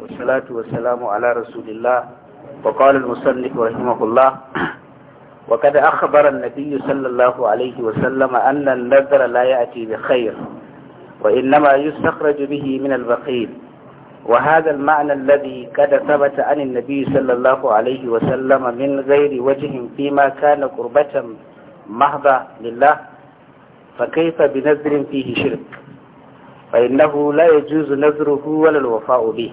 والصلاة والسلام على رسول الله وقال المصنف رحمه الله وقد أخبر النبي صلى الله عليه وسلم أن النذر لا يأتي بخير وإنما يستخرج به من البخيل وهذا المعنى الذي قد ثبت عن النبي صلى الله عليه وسلم من غير وجه فيما كان قربة محضة لله فكيف بنذر فيه شرك فإنه لا يجوز نذره ولا الوفاء به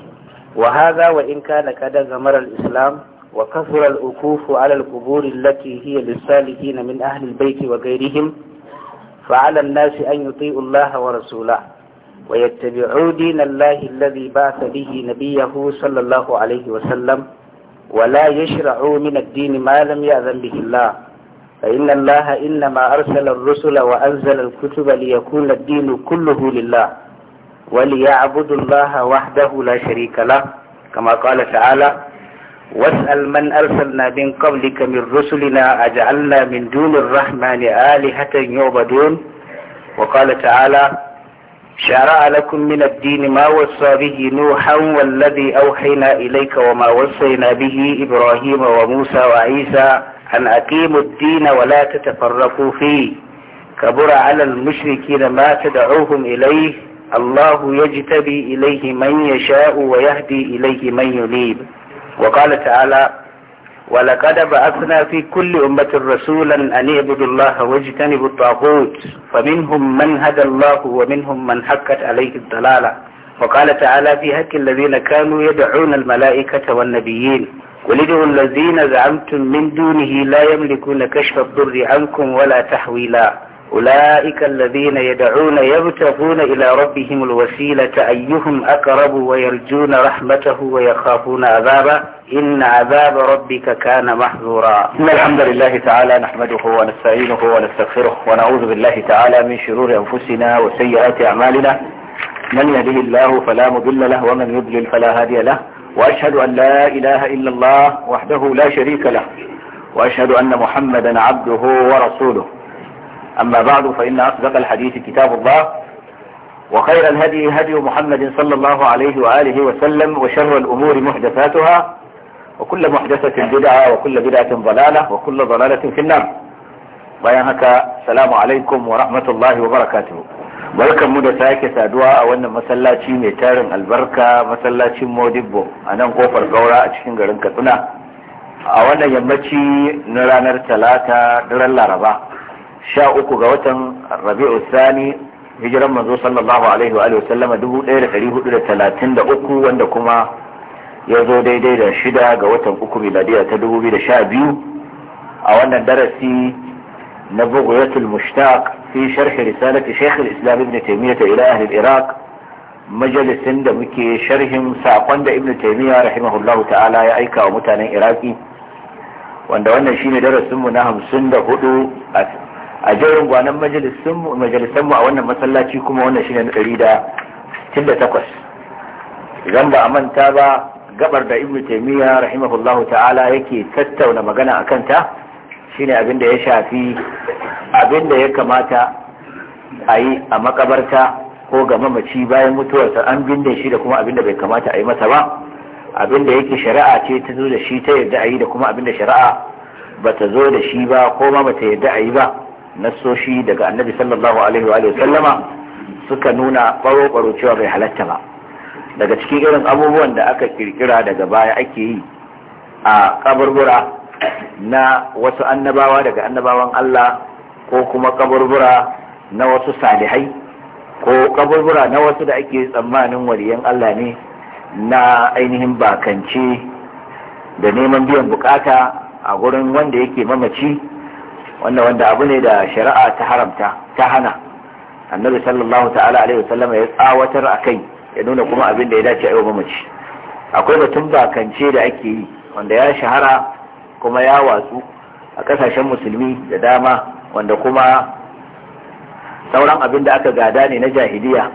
وهذا وإن كان كذا زمر الإسلام وكثر الوقوف على القبور التي هي للسالكين من أهل البيت وغيرهم فعلى الناس أن يطيعوا الله ورسوله ويتبعوا دين الله الذي بعث به نبيه صلى الله عليه وسلم ولا يشرعوا من الدين ما لم يأذن به الله فإن الله إنما أرسل الرسل وأنزل الكتب ليكون الدين كله لله وليعبدوا الله وحده لا شريك له كما قال تعالى واسأل من أرسلنا من قبلك من رسلنا أجعلنا من دون الرحمن آلهة يعبدون وقال تعالى شرع لكم من الدين ما وصى به نوحا والذي أوحينا إليك وما وصينا به إبراهيم وموسى وعيسى أن أقيموا الدين ولا تتفرقوا فيه كبر على المشركين ما تدعوهم إليه الله يجتبي إليه من يشاء ويهدي إليه من ينيب وقال تعالى ولقد بعثنا في كل أمة رسولا أن اعبدوا الله واجتنبوا الطاغوت فمنهم من هدى الله ومنهم من حقت عليه الضلالة وقال تعالى في هك الذين كانوا يدعون الملائكة والنبيين قل ادعوا الذين زعمتم من دونه لا يملكون كشف الضر عنكم ولا تحويلا أولئك الذين يدعون يبتغون إلى ربهم الوسيلة أيهم أقرب ويرجون رحمته ويخافون عذابه إن عذاب ربك كان محذورا إن الحمد لله تعالى نحمده ونستعينه ونستغفره ونعوذ بالله تعالى من شرور أنفسنا وسيئات أعمالنا من يهده الله فلا مضل له ومن يضلل فلا هادي له وأشهد أن لا إله إلا الله وحده لا شريك له وأشهد أن محمدا عبده ورسوله أما بعد فإن أصدق الحديث كتاب الله وخير الهدي هدي محمد صلى الله عليه وآله وسلم وشر الأمور محدثاتها وكل محدثة بدعة وكل بدعة ضلالة وكل ضلالة في النار bayan haka salamu alaikum wa rahmatullahi wa barkan mu da sake saduwa a wannan masallaci mai tarin albarka masallacin modibbo a nan kofar gaura a cikin garin katsina a wannan yammaci na ranar talata daren laraba sha uku ga watan rabi'u sani hijiran manzo sallallahu alaihi wa sallama dubu ɗaya da ɗari hudu da talatin da uku wanda kuma ya zo daidai da shida ga watan uku miladiya ta dubu biyu da sha biyu a wannan darasi na bugoyatul mushtaq fi sharhi risalati shaykh al-islam ibn taymiyyah ila ahli al-iraq majalisin da muke sharhin saƙon da ibn taymiyyah rahimahullahu ta'ala ya aika wa mutanen iraki wanda wannan shine darasinmu na hamsin da hudu a jerin gwanan mu a wannan masallaci kuma wannan shine na ɗari da sittin da takwas idan ba a manta ba gabar da ibnu taimiyya rahimahullahu ta'ala yake tattauna magana a kanta shine abin da ya shafi abin da ya kamata a yi a makabarta ko ga mamaci bayan mutuwarsa an binne shi da kuma abin da bai kamata a yi masa ba abin da yake shari'a ce ta zo da shi ta yarda a yi da kuma abin da shari'a ba ta zo da shi ba ko ma ba ta yarda a yi ba nassoshi daga annabi sallallahu alaihi wa sallama suka nuna baro-baro cewa bai halatta ba daga cikin irin abubuwan da aka kirkira daga baya ake yi a kaburbura na wasu annabawa daga annabawan Allah ko kuma kaburbura na wasu salihai ko kaburbura na wasu da ake tsammanin waliyan Allah ne na ainihin bakance da neman biyan bukata a gurin wanda yake mamaci wannan wanda abu ne da shari'a ta haramta ta hana annabi sallallahu ta'ala alaihi wasallam ya tsawatar a kai ya nuna kuma abin da ya dace a yau mamaci akwai batun bakance da ake yi wanda ya shahara kuma ya watsu a kasashen musulmi da dama wanda kuma sauran abin da aka gada ne na jahiliya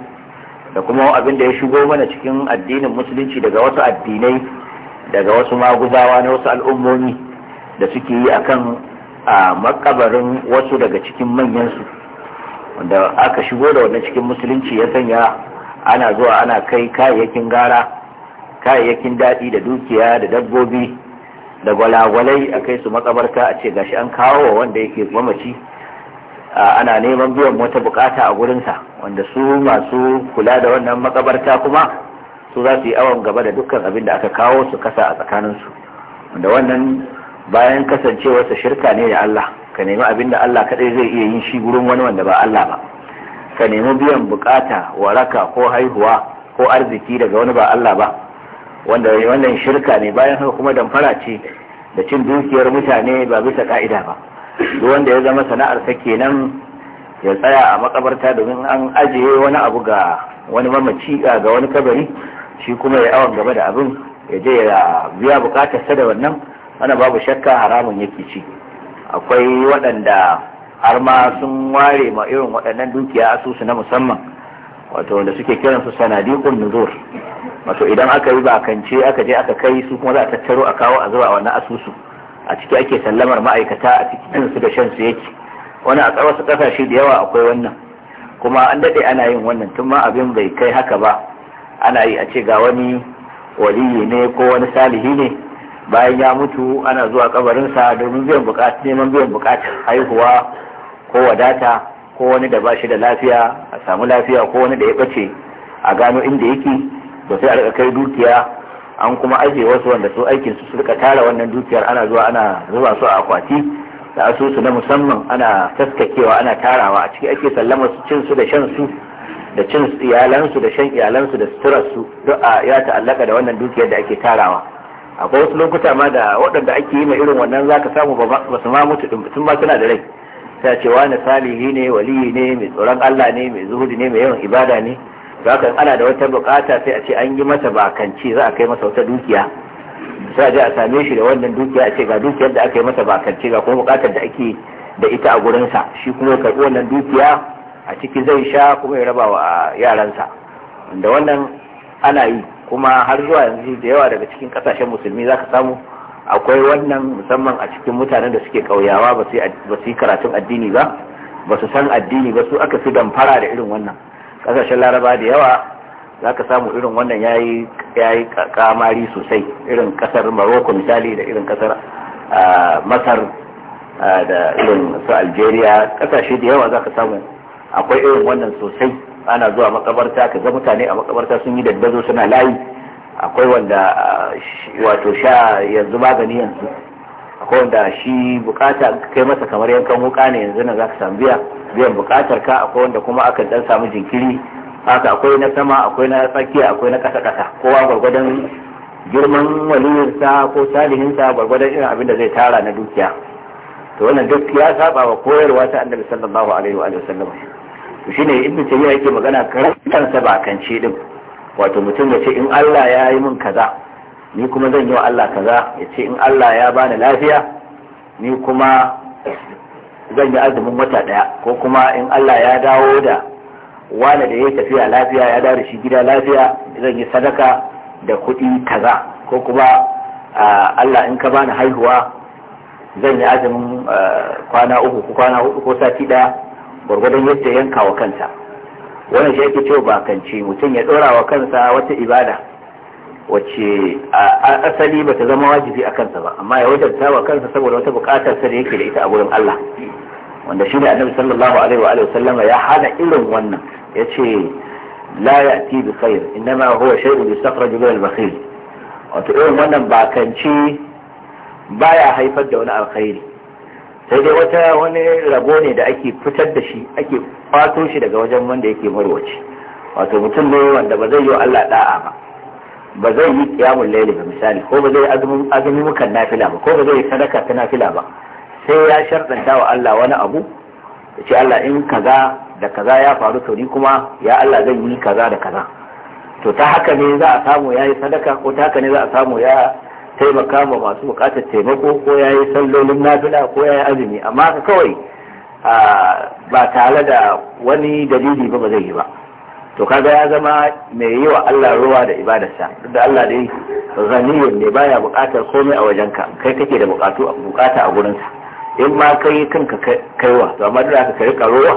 da kuma abin da ya shigo mana cikin addinin musulunci daga wasu addinai daga wasu maguzawa na wasu al'ummomi da suke yi akan a makabarin wasu daga cikin manyansu wanda aka shigo da wannan cikin musulunci ya sanya ana zuwa ana kai kayayyakin gara kayayyakin daɗi da dukiya da dabbobi da gwalagwalai a kai su makabarta a ce gashi an kawo wa wanda yake mamaci ana neman biyan wata bukata a gurinsa wanda su masu kula da wannan makabarta kuma su za su yi awon gaba da dukkan abin da aka kawo su kasa a tsakaninsu wanda wannan bayan kasancewarsa shirka ne da Allah ka nemi abin da Allah kadai zai iya yin shi gurin wani wanda ba Allah ba ka nemi biyan bukata waraka ko haihuwa ko arziki daga wani ba Allah ba wanda wannan shirka ne bayan haka kuma damfara ce da cin dukiyar mutane ba bisa ka'ida ba duk wanda ya zama sana'ar take kenan ya tsaya a makabarta domin an ajiye wani abu ga wani mamaci ga wani kabari shi kuma ya awon gaba da abin ya je ya biya sa da wannan wannan babu shakka haramun yake ci akwai waɗanda har ma sun ware ma irin waɗannan dukiya asusu na musamman wato wanda suke kiransu sanadiqun nuzur wato idan aka yi bakance aka je aka kai su kuma za a tattaro a kawo a zuba wannan asusu a ciki ake sallamar ma'aikata a cikin su da shan su yake wani a wasu kasashe da yawa akwai wannan kuma an daɗe ana yin wannan tun ma abin bai kai haka ba ana yi a ce ga wani waliyi ne ko wani salihi ne bayan ya mutu ana zuwa kabarinsa domin biyan bukata neman biyan bukatar haihuwa ko wadata ko wani da bashi da lafiya a samu lafiya ko wani da ya bace a gano inda yake ba sai a rika kai dukiya an kuma aje wasu wanda su aikin su rika tara wannan dukiyar ana zuwa ana zuba su a akwati da asusu na musamman ana taskakewa ana tarawa a ciki ake sallama su cin su da shan su da cin iyalansu da shan iyalansu da suturar su duk ya ta'allaka da wannan dukiyar da ake tarawa akwai wasu lokuta ma da waɗanda ake yi ma irin wannan zaka samu ba su ma mutu sun ba suna da rai ta ce wani salihi ne waliyi ne mai tsoron Allah ne mai zuhudi ne mai yawan ibada ne za ka ana da wata bukata sai a ce an yi masa bakanci za a kai masa wata dukiya sai a je a same shi da wannan dukiya a ce ga dukiyar da aka yi masa bakanci ga kuma bukatar da ake da ita a gurinsa shi kuma ya karɓi wannan dukiya a ciki zai sha kuma ya raba wa yaransa da wannan ana yi kuma har zuwa yanzu da yawa daga cikin kasashen musulmi za ka samu akwai wannan musamman a cikin mutanen da suke kauyawa ba su yi karatun addini ba ba su san addini ba su aka fi damfara da irin wannan kasashen laraba da yawa za ka samu irin wannan ya yi kamari sosai irin kasar maroko misali da irin kasar masar da irin su algeria kasashe da yawa za ka samu akwai irin wannan sosai ana zuwa makabarta ka ga mutane a makabarta sun yi daddazo suna layi akwai wanda uh, wato sha yanzu magani yanzu akwai wanda shi bukata kai masa kamar yankan wuka ne yanzu na zaka samu biya biyan bukatar ka akwai wanda kuma aka dan samu jinkiri haka akwai na sama akwai na tsakiya akwai na kasa kasa kowa gwargwadon girman waliyarsa ko salihinsa gwargwadon irin abin da zai tara na dukiya to wannan duk ya saba wa koyarwa ta annabi sallallahu alaihi wa sallam shi ne ibn tayyib yake magana karantarsa ba kan ce din wato mutum ya ce in Allah ya yi min kaza ni kuma zan yi wa Allah kaza ya ce in Allah ya bani lafiya ni kuma zan yi azumin wata daya ko kuma in Allah ya dawo da wani da ya tafiya lafiya ya dawo da shi gida lafiya zan yi sadaka da kuɗi kaza ko kuma Allah in ka bani haihuwa zan yi azumin eh, kwana uku ko kwana hudu ko sati daya gwargwadon yadda yanka wa kansa wannan shi yake cewa bakanci mutum ya dora wa kansa wata ibada wacce a asali ba ta zama wajibi a kansa ba amma ya wajabta wa kansa saboda wata bukatar sa da yake da ita a gurin Allah wanda shi ne annabi sallallahu alaihi wa sallama ya hana irin wannan ya ce la ya'ti bi khair innama huwa shay'un yustakhraju min al-bakhil wato irin wannan bakanci baya haifar da wani alkhairi sai dai wata wani rabo ne da ake fitar da shi ake kwato shi daga wajen wanda yake marwaci wato mutum ne wanda ba zai yi Allah da'a ba ba zai yi kiyamun laili ba misali ko ba zai azumi mukan nafila ba ko ba zai sadaka ta nafila ba sai ya sharɗanta wa Allah wani abu ya ce Allah in kaza da kaza ya faru to ni kuma ya Allah zan yi kaza da kaza to ta haka ne za a samu ya yi sadaka ko ta haka ne za a samu ya taimaka ma masu bukatar taimako ko ya yi sallolin nafila ko ya yi azumi amma kawai ba tare da wani dalili ba ba zai yi ba to kaga ya zama mai yi wa Allah ruwa da ibadarsa duk da Allah dai ganiyun ne baya bukatar komai a wajenka kai kake da bukatu bukata a gurinsa in ma kai kanka kaiwa to amma duk ka rika ruwa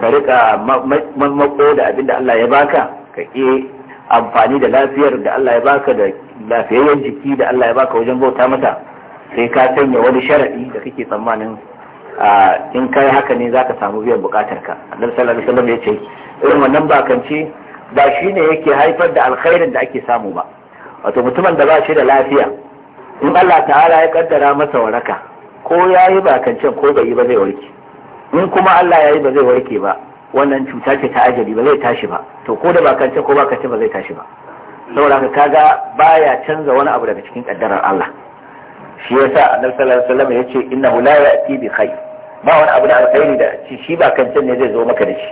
ka rika mako da abin da Allah ya baka ka ki amfani da lafiyar da Allah ya baka da lafiyayyen jiki da Allah ya baka wajen bauta mata sai ka sanya wani sharadi da kake tsammanin in kai haka ne zaka samu biyan bukatar ka annabi sallallahu alaihi wasallam ya ce irin wannan bakance ba shine yake haifar da alkhairin da ake samu ba wato mutumin da ba shi da lafiya in Allah ta'ala ya kaddara masa waraka ko yayi bakancen ko bai yi ba zai warke in kuma Allah yayi ba zai warke ba wannan cuta ce ta ajali ba zai tashi ba to ko da ba kance ko ba kace ba zai tashi ba saboda haka kaga baya canza wani abu daga cikin kaddarar Allah shi yasa annabi sallallahu alaihi wasallam yace innahu la ya'ti bi khair ba wani abu da alkhairi da shi ba kancan ne zai zo maka da shi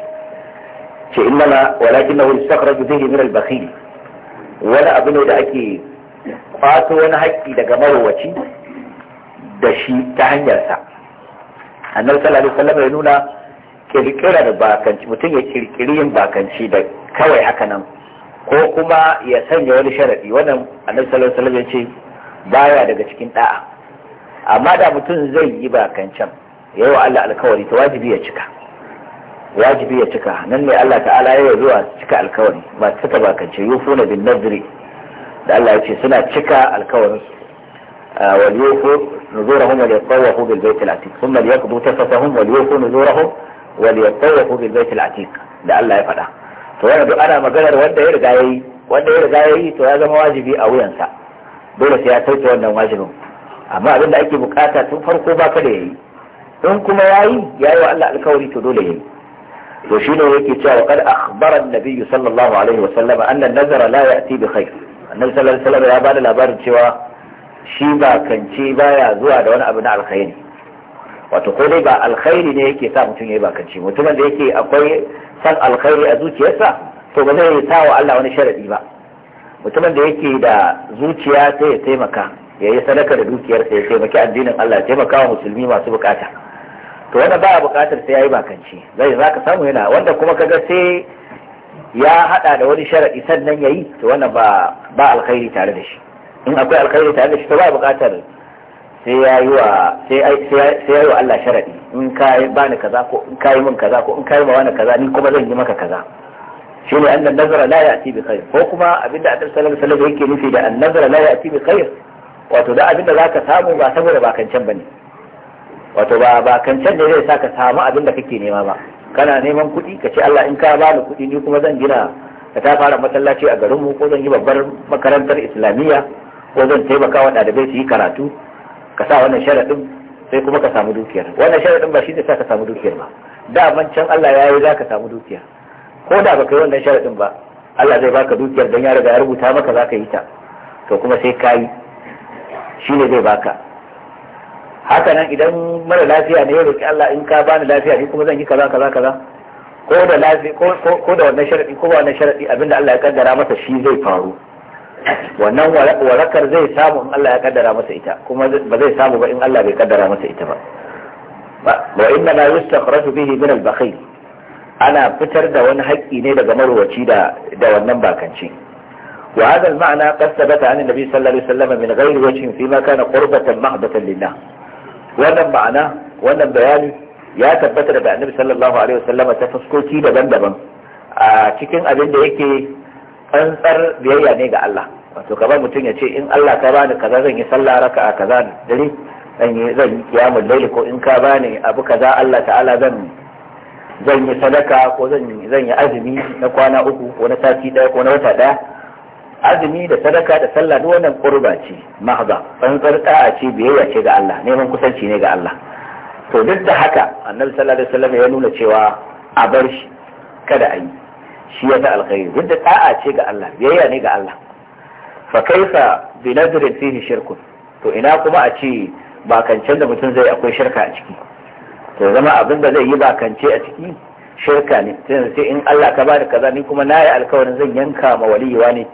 ce innama walakinahu yastakhraju bihi min al-bakhil wani abu ne da ake kwato wani haƙƙi daga marowaci da shi ta hanyarsa annabi sallallahu alaihi wasallam ya nuna kirkirar bakanci mutum ya kirkiri yin bakanci da kawai haka nan ko kuma ya sanya wani sharadi wannan annabi sallallahu alaihi wasallam ya ce baya daga cikin da'a amma da mutum zai yi bakancan yayi wa Allah alkawari ta wajibi ya cika wajibi ya cika nan ne Allah ta'ala ya zuwa cika alkawari ba cika bakance yufuna bin nadri da Allah ya ce suna cika alkawarin ah, wal yufu nuzurahum wal yatawafu bil bayt al atiq thumma liyaqdu tafatahum wal yufu nuzurahum wal yatawafu bil bait al atiq da Allah ya faɗa to wannan duk ana maganar wanda ya riga yayi wanda ya riga yayi to ya zama wajibi a wuyansa dole sai ya sauke wannan wajibin amma abin da ake bukata tun farko ba ka da yayi in kuma yayi yayi wa Allah alkawari to dole yayi to shine yake cewa kad akhbara an-nabi sallallahu alaihi wa sallam anna an-nazara la ya'ti bi khair annabi sallallahu alaihi wa sallam ya bada labarin cewa shi ba kance baya zuwa da wani abu na alkhairi wato ko dai ba alkhairi ne yake sa mutum ya yi bakanci mutumin da yake akwai san alkhairi a zuciyarsa to ba zai sa wa Allah wani sharadi ba mutumin da yake da zuciya sai ya taimaka ya yi sadaka da dukiyarsa ya taimaki addinin Allah ya taimaka wa musulmi masu bukata to wanda ba bukatar sai yayi bakanci zai zaka samu yana wanda kuma kaga sai ya hada da wani sharadi sannan yayi to wannan ba ba alkhairi tare da shi in akwai alkhairi tare da shi to ba bukatar sai ya yi wa sai wa Allah sharadi in ka ba ni kaza ko in ka yi min kaza ko in ka yi ma wani kaza ni kuma zan yi maka kaza shi ne annan nazara la ya'ti bi khair ko kuma abinda a sallallahu alaihi yake nufi da annan nazara la ya'ti bi khair wato da abinda zaka samu ba saboda ba kancan bane wato ba ba kancan ne zai sa ka samu abinda kake nema ba kana neman kuɗi ka ce Allah in ka bani kuɗi ni kuma zan gina ka ta fara masallaci a garinmu ko zan yi babbar makarantar islamiyya ko zan taimaka wa ɗalibai su yi karatu ka sa wannan sharaɗin sai kuma ka samu dukiyar wannan sharaɗin ba shi ne sa ka samu dukiyar ba da man can Allah ya yi za ka samu dukiya ko da baka yi wannan sharaɗin ba Allah zai baka dukiyar dan ya riga ya rubuta maka za ka yi ta to kuma sai ka yi shi ne zai baka haka nan idan mara lafiya ne ya roki Allah in ka bani lafiya ni kuma zan yi kaza kaza kaza ko da lafi ko da wannan sharadi ko ba wannan sharadi abinda Allah ya kaddara masa shi zai faru wannan warakar zai samu in Allah ya kaddara masa ita kuma ba zai samu ba in Allah bai kaddara masa ita ba wa inna la yustakhraju bihi min al-bakhil ana fitar da wani haƙƙi ne daga marwaci da da wannan bakanci wa hadha al-ma'na qad thabata an an-nabi sallallahu alaihi wasallam min ghairi wajhin fi ma kana qurbatan mahdatan lillah wannan ma'ana wannan bayani ya tabbata daga annabi sallallahu alaihi wasallam ta fuskoki daban-daban a cikin abin da yake tsantsar biyayya ne ga Allah wato kamar mutum ya ce in Allah ka bani kaza zan yi sallah raka a kaza da dare zan yi zan yi kiyamul laili ko in ka bani abu kaza Allah ta'ala zan zan yi sadaka ko zan zan yi azumi na kwana uku ko na sati ɗaya ko na wata ɗaya? azumi da sadaka da sallah duk wannan qurba ce mahza tsantsar da'a ce biyayya ce ga Allah neman kusanci ne ga Allah to duk da haka annabi sallallahu alaihi wasallam ya nuna cewa a bar shi kada a yi shi ya ta alkhairi yadda da da'a ce ga Allah biyayya ne ga Allah fa kaifa bi nadrin fihi shirkun to ina kuma a ce ba bakancen da mutum zai akwai shirka a ciki to zama abin da zai yi ba kance a ciki shirka ne sai in Allah ka bada kaza ni kuma na yi alkawarin zan yanka ma waliyiwa ne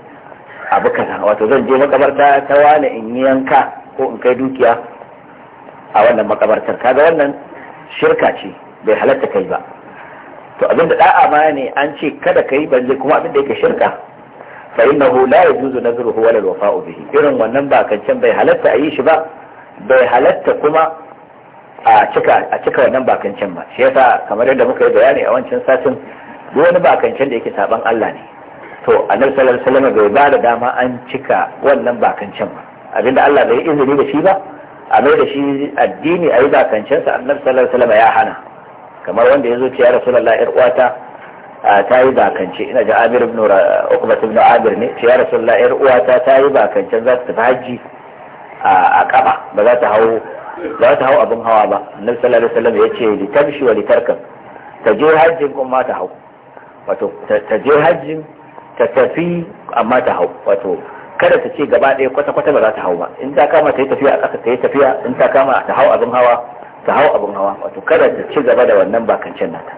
abu kaza wato zan je makabarta ta wani in yi yanka ko in kai dukiya a wannan makabartar kaga wannan shirka ce bai halatta kai ba to abin da da'a ma ne an ce kada kai balle kuma abin da yake shirka fa innahu la yajuzu nazruhu wala alwafa'u bihi irin wannan ba kancan bai halatta a yi shi ba bai halatta kuma a cika a cika wannan kancan ba shi yasa kamar yadda muka yi bayani a wancan satin duk wani kancan da yake saban Allah ne to annabi sallallahu alaihi wasallam bai ba da dama an cika wannan kancan ba abinda Allah bai izini da shi ba a mai da shi addini a yi bakancansa annabi sallallahu alaihi wasallam ya hana kamar wanda ya zo ce ya rasulullah yar uwata ta yi bakance ina ga amir ibn ukbat ibn amir ne ce ya rasulullah yar uwata ta yi bakance za ta tafi haji a kaba ba za ta hau za ta hau abin hawa ba annabi sallallahu alaihi wasallam ya ce li tamshi wa li tarkab ta je hajjin kuma ta hau wato ta je hajjin ta tafi amma ta hau wato kada ta ce gaba ɗaya kwata-kwata ba za ta hau ba in ta kama ta yi tafiya a ƙasa ta yi tafiya in ta kama ta hau abin hawa ta hau abin hawa wato kada ta ci gaba da wannan bakancen nata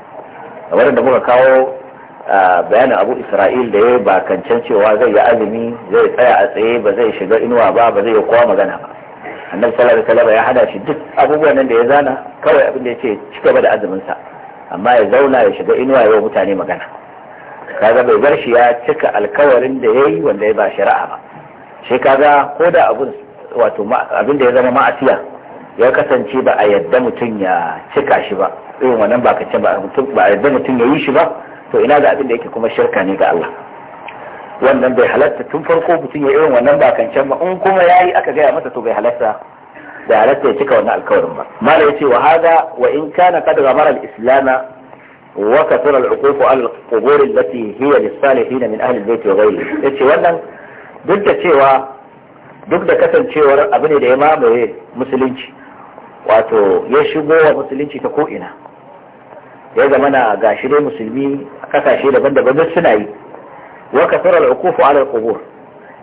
kamar da muka kawo bayanin abu isra'il da ya yi bakancen cewa zai yi azumi zai tsaya a tsaye ba zai shiga inuwa ba ba zai yi kowa magana ba annan salar alaihi ya hada shi duk abubuwan nan da ya zana kawai abin da ce ci gaba da azumin sa amma ya zauna ya shiga inuwa ya mutane magana kaga bai bar shi ya cika alkawarin da yi wanda ya ba shari'a ba shi kaga ko da abun wato abin da ya zama ma'asiya ya kasance ba a yadda mutum ya cika shi ba irin wannan ba ka ce ba a yadda mutum ya yi shi ba to ina ga abin da yake kuma shirka ne ga Allah wannan bai halatta tun farko mutum ya irin wannan ba kan can ba in kuma yayi aka gaya masa to bai halatta bai halatta ya cika wannan alkawarin ba mala yace wa hada wa in kana qad ghamara al-islam wa kathara al-uquq al-qubur allati hiya lis-salihin min ahli al-bayt wa ghayrihi yace wannan duk da cewa duk da kasancewar abu ne da ya mamaye musulunci wato ya shigo wa musulunci ta ko'ina ya zama na gashi dai musulmi a kasashe daban-daban duk suna yi wa kasar al'ukufu ala al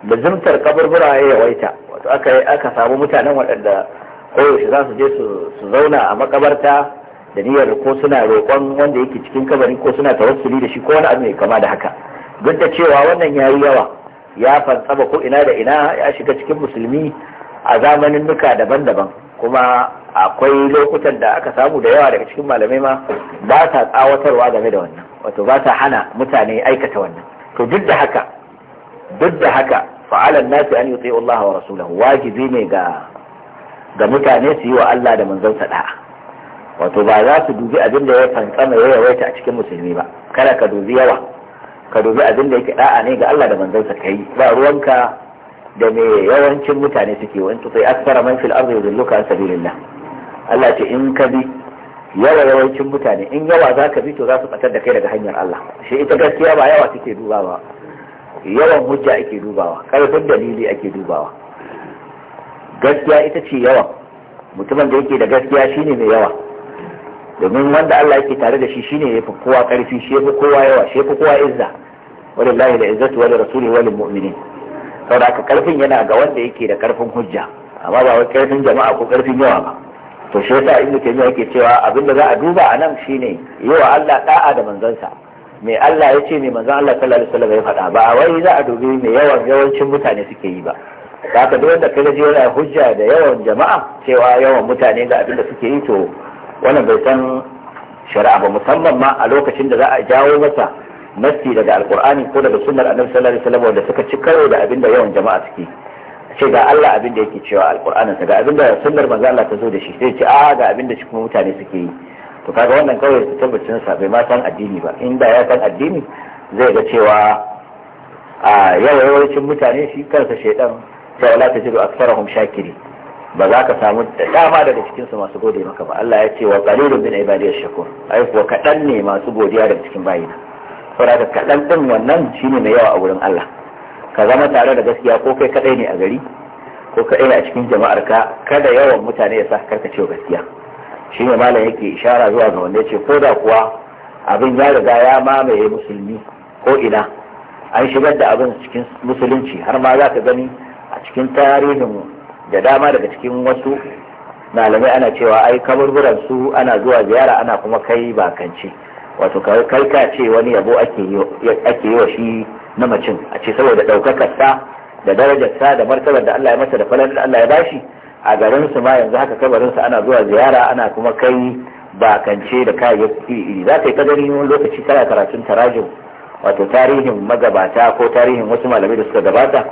da zimtar kaburbura ya yawaita wato aka samu mutanen waɗanda koyaushe za su je su zauna a makabarta da niyyar ko suna roƙon wanda yake cikin kabari ko suna tawassuli da shi ko wani abu mai kama da haka duk da cewa wannan ya yi yawa ya fansaba ko ina da ina ya shiga cikin musulmi a zamanin nuka daban-daban kuma akwai lokutan da aka samu da yawa daga cikin malamai ma ba ta tsawatarwa game da wannan wato ba ta hana mutane aikata wannan to duk da haka duk da haka fa'alan nasi an yuti Allah wa rasulahu wajibi ne ga ga mutane su yi wa Allah da manzonsa da'a wato ba za su dubi abin da ya fantsama ya yawaita a cikin musulmi ba kada ka dubi yawa ka dubi abin da yake da'a ne ga Allah da manzonsa kai ba ruwanka da me yawancin mutane suke wani sai asfara man fil ardi yudilluka an sabilillah Allah ce in ka bi yawa yawancin mutane in yawa za ka bi to za su batar da kai daga hanyar Allah shi ita gaskiya ba yawa take dubawa yawan hujja ake dubawa karfin dalili ake dubawa gaskiya ita ce yawan mutumin da yake da gaskiya shine mai yawa domin wanda Allah yake tare da shi shine yafi kowa karfi shi yafi kowa yawa shi yafi kowa izza wallahi da izzatu wa rasuli wa lil mu'minin saboda haka karfin yana ga wanda yake da karfin hujja amma ba wai karfin jama'a ko karfin yawa ba to shi yasa ibnu taymiya yake cewa abin da za a duba a nan shine yawa Allah da'a da manzansa me Allah ya ce me manzon Allah sallallahu alaihi wasallam ya faɗa ba wai za a dubi mai yawan yawancin mutane suke yi ba ka duk wanda ka ji yana hujja da yawan jama'a cewa yawan mutane ga abin da suke yi to wannan bai san shari'a ba musamman ma a lokacin da za a jawo masa nassi daga alkur'ani ko daga sunnar annabi sallallahu alaihi wasallam wanda suka ci karo da abinda yawan jama'a suke ce ga Allah abin da yake cewa alkur'anin sa ga abin da sunnar manzo Allah ta zo da shi sai ce a ah, ga abin da shi kuma mutane suke yi to kaga wannan kawai su tabbacin sa bai ma san addini ba inda ya san addini zai ga cewa a yawancin mutane shi kansa shaidan Ta wala ta jiru aktharahum Shakiri. ba za ka samu da dama daga su masu gode maka ba Allah ya ce wa qalilun min ibadiyash shakur ai kuwa kadan ne masu godiya daga cikin bayina saboda kaɗan ɗin wannan shine mai yawa a wurin Allah ka zama tare da gaskiya ko kai kaɗai ne a gari ko kaɗai ne a cikin jama'ar ka kada yawan mutane ya sa karkacewa gaskiya shine malam yake ishara zuwa ga wanda ce ko da kuwa abin ya riga ya mamaye musulmi ko ina an shigar da abin cikin musulunci har ma za ka gani a cikin tarihin da dama daga cikin wasu malamai ana cewa ai kaburburan su ana zuwa ziyara ana kuma kai bakanci wato kai ka ce wani yabo ake yi wa shi na macin a ce saboda ɗaukakar sa da darajar sa da martabar da Allah ya masa da falon da Allah ya bashi a garin su ma yanzu haka kabarin sa ana zuwa ziyara ana kuma kai bakance da kayayyaki iri za ka yi ta wani lokaci kana karatun tarajin wato tarihin magabata ko tarihin wasu malamai da suka gabata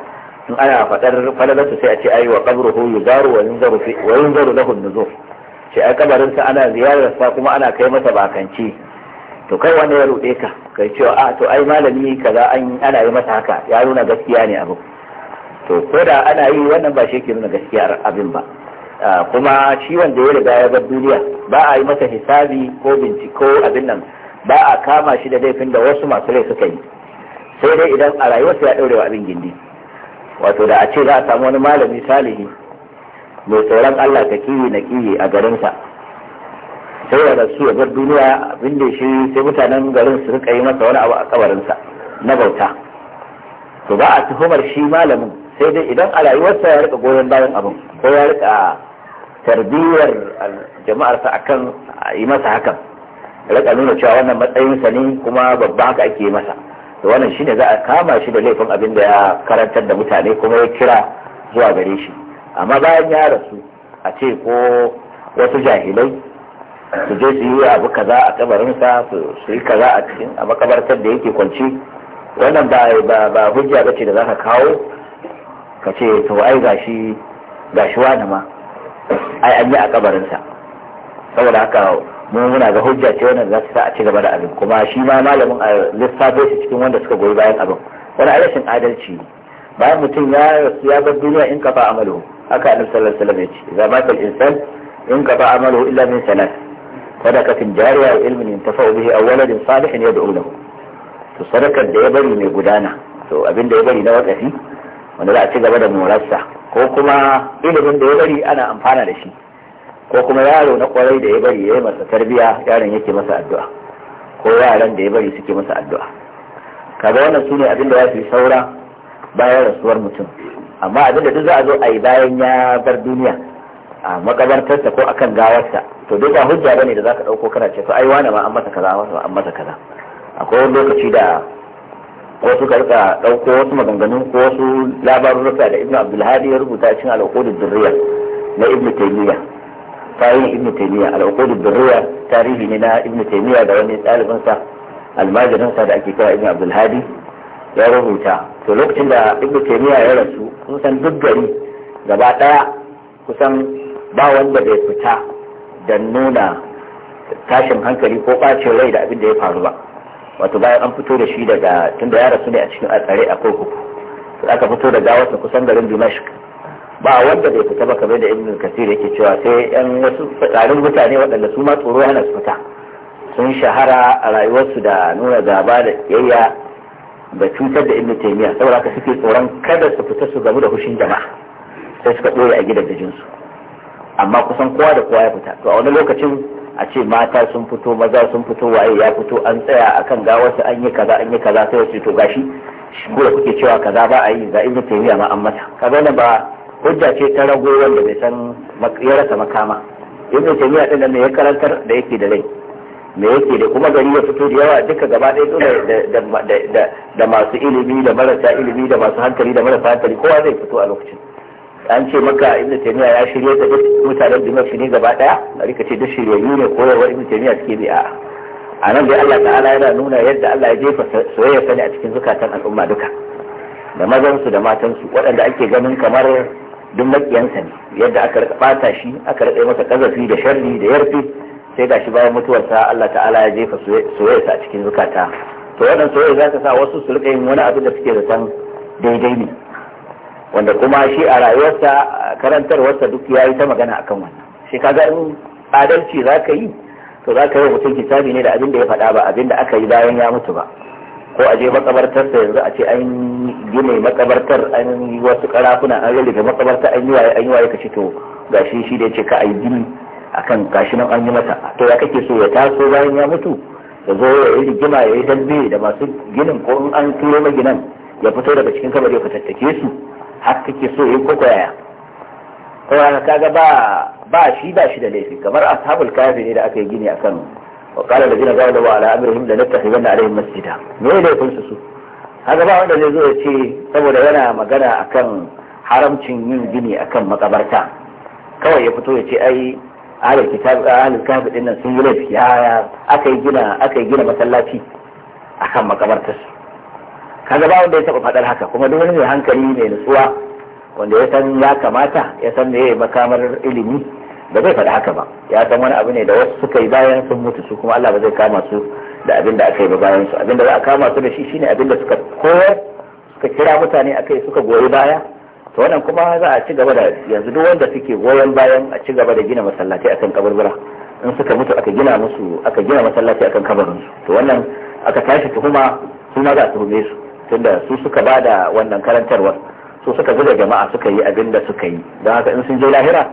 in ana faɗar falalarsu sai a ce ayi wa qabruhu yuzaru wa yunzaru lahu nuzur a kabarin sa ana ziyarar sa kuma ana kai masa bakance to kai wanda ya ruɗe ka kai cewa a ah, to ai malami kaza an ana yi masa haka ya nuna gaskiya ne abu to ko da ana yi wannan ba shi ke nuna gaskiyar abin ba ah, kuma shi wanda ya riga ya bar duniya ba a yi masa hisabi ko binciko abin nan ba a kama shi da laifin da wasu masu rai suka yi sai dai idan a rayuwarsa ya ɗaurewa abin gindi wato da a ce za a samu wani malami salihi mai tsoron Allah ta kiyi na kiyi a garinsa sai ya rasu ya bar duniya abin da shi sai mutanen garin su rika yi masa wani abu a kabarinsa na bauta to ba a tuhumar shi malamin sai dai idan a rayuwarsa ya rika goyon bayan abin ko ya rika tarbiyyar jama'arsa akan yi masa hakan rika nuna cewa wannan matsayin sa ne kuma babba haka ake yi masa to wannan shine za a kama shi da laifin abin da ya karantar da mutane kuma ya kira zuwa gare shi amma bayan ya rasu a ce ko wasu jahilai su je su yi abu kaza a kabarinsa su yi kaza a cikin a makabartar da yake kwanci wannan ba ba hujja bace da zaka kawo ka ce to ai gashi gashi wani ma ai an yi a kabarinsa saboda haka mun muna ga hujja ce wannan za ta sa a ci gaba da abin kuma shi ma malamin a lissafe shi cikin wanda suka goyi bayan abin wani alashin adalci bayan mutum ya ya bar duniya in kafa amalu haka annabi sallallahu alaihi wasallam ya ce idza mata al-insan in kafa amalu illa min salat صدقة جارية أو علم ينتفع به أو ولد صالح يدعو له to sadakar da ya bari mai gudana to abin da ya bari na wakafi wanda za ci gaba da morarsa ko kuma ilimin da ya bari ana amfana da shi ko kuma yaro na kwarai da ya bari ya yi masa tarbiya yaron yake masa addu'a ko yaran da ya bari suke masa addu'a kaga wannan sune abin da ya fi saura bayan rasuwar mutum amma abin da duk za a zo ayi bayan ya bar duniya a makabartarsa ko akan gawarsa to duk ba hujja bane da zaka dauko kana ce to ai wani ma an masa kaza wani an masa kaza akwai wani lokaci da wasu ka rika dauko wasu maganganu ko wasu labarun labarurruka da ibnu abdulhadi ya rubuta a cikin al'uqudud durriya na ibnu taymiya tarihin ibnu taymiya al'uqudud durriya tarihi ne na ibnu taymiya da wani ɗalibin sa almajirin sa da ake kira ibnu abdulhadi ya rubuta to lokacin da ibnu taymiya ya rasu kun san duk gari gaba daya kusan ba wanda bai fita da nuna tashin hankali ko ɓacin rai da abin da ya faru ba wato bayan an fito da shi daga tunda ya rasu ne a cikin a tsare a kurkuku aka fito da gawarsa kusan garin dimashik ba wanda bai fita ba kamar da ibn kasir yake cewa sai yan wasu tsarin mutane waɗanda su ma tsoro yana su fita sun shahara a rayuwarsu da nuna gaba da yayya da cutar da ibn taimiyya saboda haka suke tsoron kada su fita su gamu da hushin jama'a sai suka ɗoye a gidan gidajensu amma kusan kowa da kowa ya fita to a wani lokacin a ce mata sun fito maza sun fito waye ya fito an tsaya akan gawarsa an yi kaza an yi kaza sai wasu to gashi ko da kuke cewa kaza ba a yi za in tafiya ma an mata kaga wannan ba hujja ce ta rago wanda bai san ya rasa makama ibnu taymiya din nan ya karantar da yake da rai me yake da kuma gari ya fito da yawa duka gaba ɗaya dole da masu ilimi da marasa ilimi da masu hankali da marasa hankali kowa zai fito a lokacin an ce maka inda taymiya ya shirye da mutanen shi ne gaba daya a rika ce duk shiryayyu ne koyarwa ibn taymiya suke bi a a nan dai Allah ta'ala yana nuna yadda Allah ya jefa soyayya sani a cikin zukatan al'umma duka da mazan su da matan su waɗanda ake ganin kamar duk makiyansa ne yadda aka rika bata shi aka rika masa kazafi da sharri da yarfi sai gashi bayan mutuwarsa Allah ta'ala ya jefa soyayya sa a cikin zukata to waɗannan soyayya za ta sa wasu su rika yin wani abu da suke zaton daidai ne wanda kuma shi a rayuwarsa karantarwarsa duk ya yi ta magana akan wannan shi kaga in adalci za ka yi to za ka yi mutum hisabi ne da abin da ya faɗa ba abin da aka yi bayan ya mutu ba ko a je makabartarsa yanzu a ce an gine makabartar an yi wasu karafuna an rage makabartar an yi waye an yi waye ka ce to gashi shi da ya ka a yi gini akan gashi nan an yi masa to ya kake so ya taso bayan ya mutu ya zo ya yi rigima ya yi dambe da masu ginin ko in an turo maginan ya fito daga cikin kamar ya fatattake su har kake so yayi ko koyaya saboda kaga ba ba shi ba shi da laifi kamar ashabul kafi ne da aka yi gini a Kano wa qala alladhina ghalu ala amrihim la nattakhidanna alaihim masjida me laifin su su haka ba wanda zai zo ya ce saboda yana magana akan haramcin yin gini akan makabarta kawai ya fito ya ce ai ahlul kitab ahlul kafi dinnan sun yi laifi ya aka yi gina aka yi gina masallaci akan makabartarsu kaga ba wanda ya taɓa faɗar haka kuma duk wani mai hankali mai nutsuwa wanda ya san ya kamata ya san yi makamar ilimi ba zai faɗi haka ba ya san wani abu ne da wasu suka yi bayan sun mutu su kuma Allah ba zai kama su da abin da aka yi ba bayan su abin da za a kama su da shi shine abin da suka koyar suka kira mutane akai suka goyi baya to wannan kuma za a ci gaba da yanzu duk wanda suke goyon bayan a ci gaba da gina masallatai akan kaburbura in suka mutu aka gina musu aka gina masallaci akan kabarin su to wannan aka tashi tuhuma su ma za a tuhume su tunda su suka ba da wannan karantarwar su suka zuga jama'a suka yi abin da suka yi don haka in sun je lahira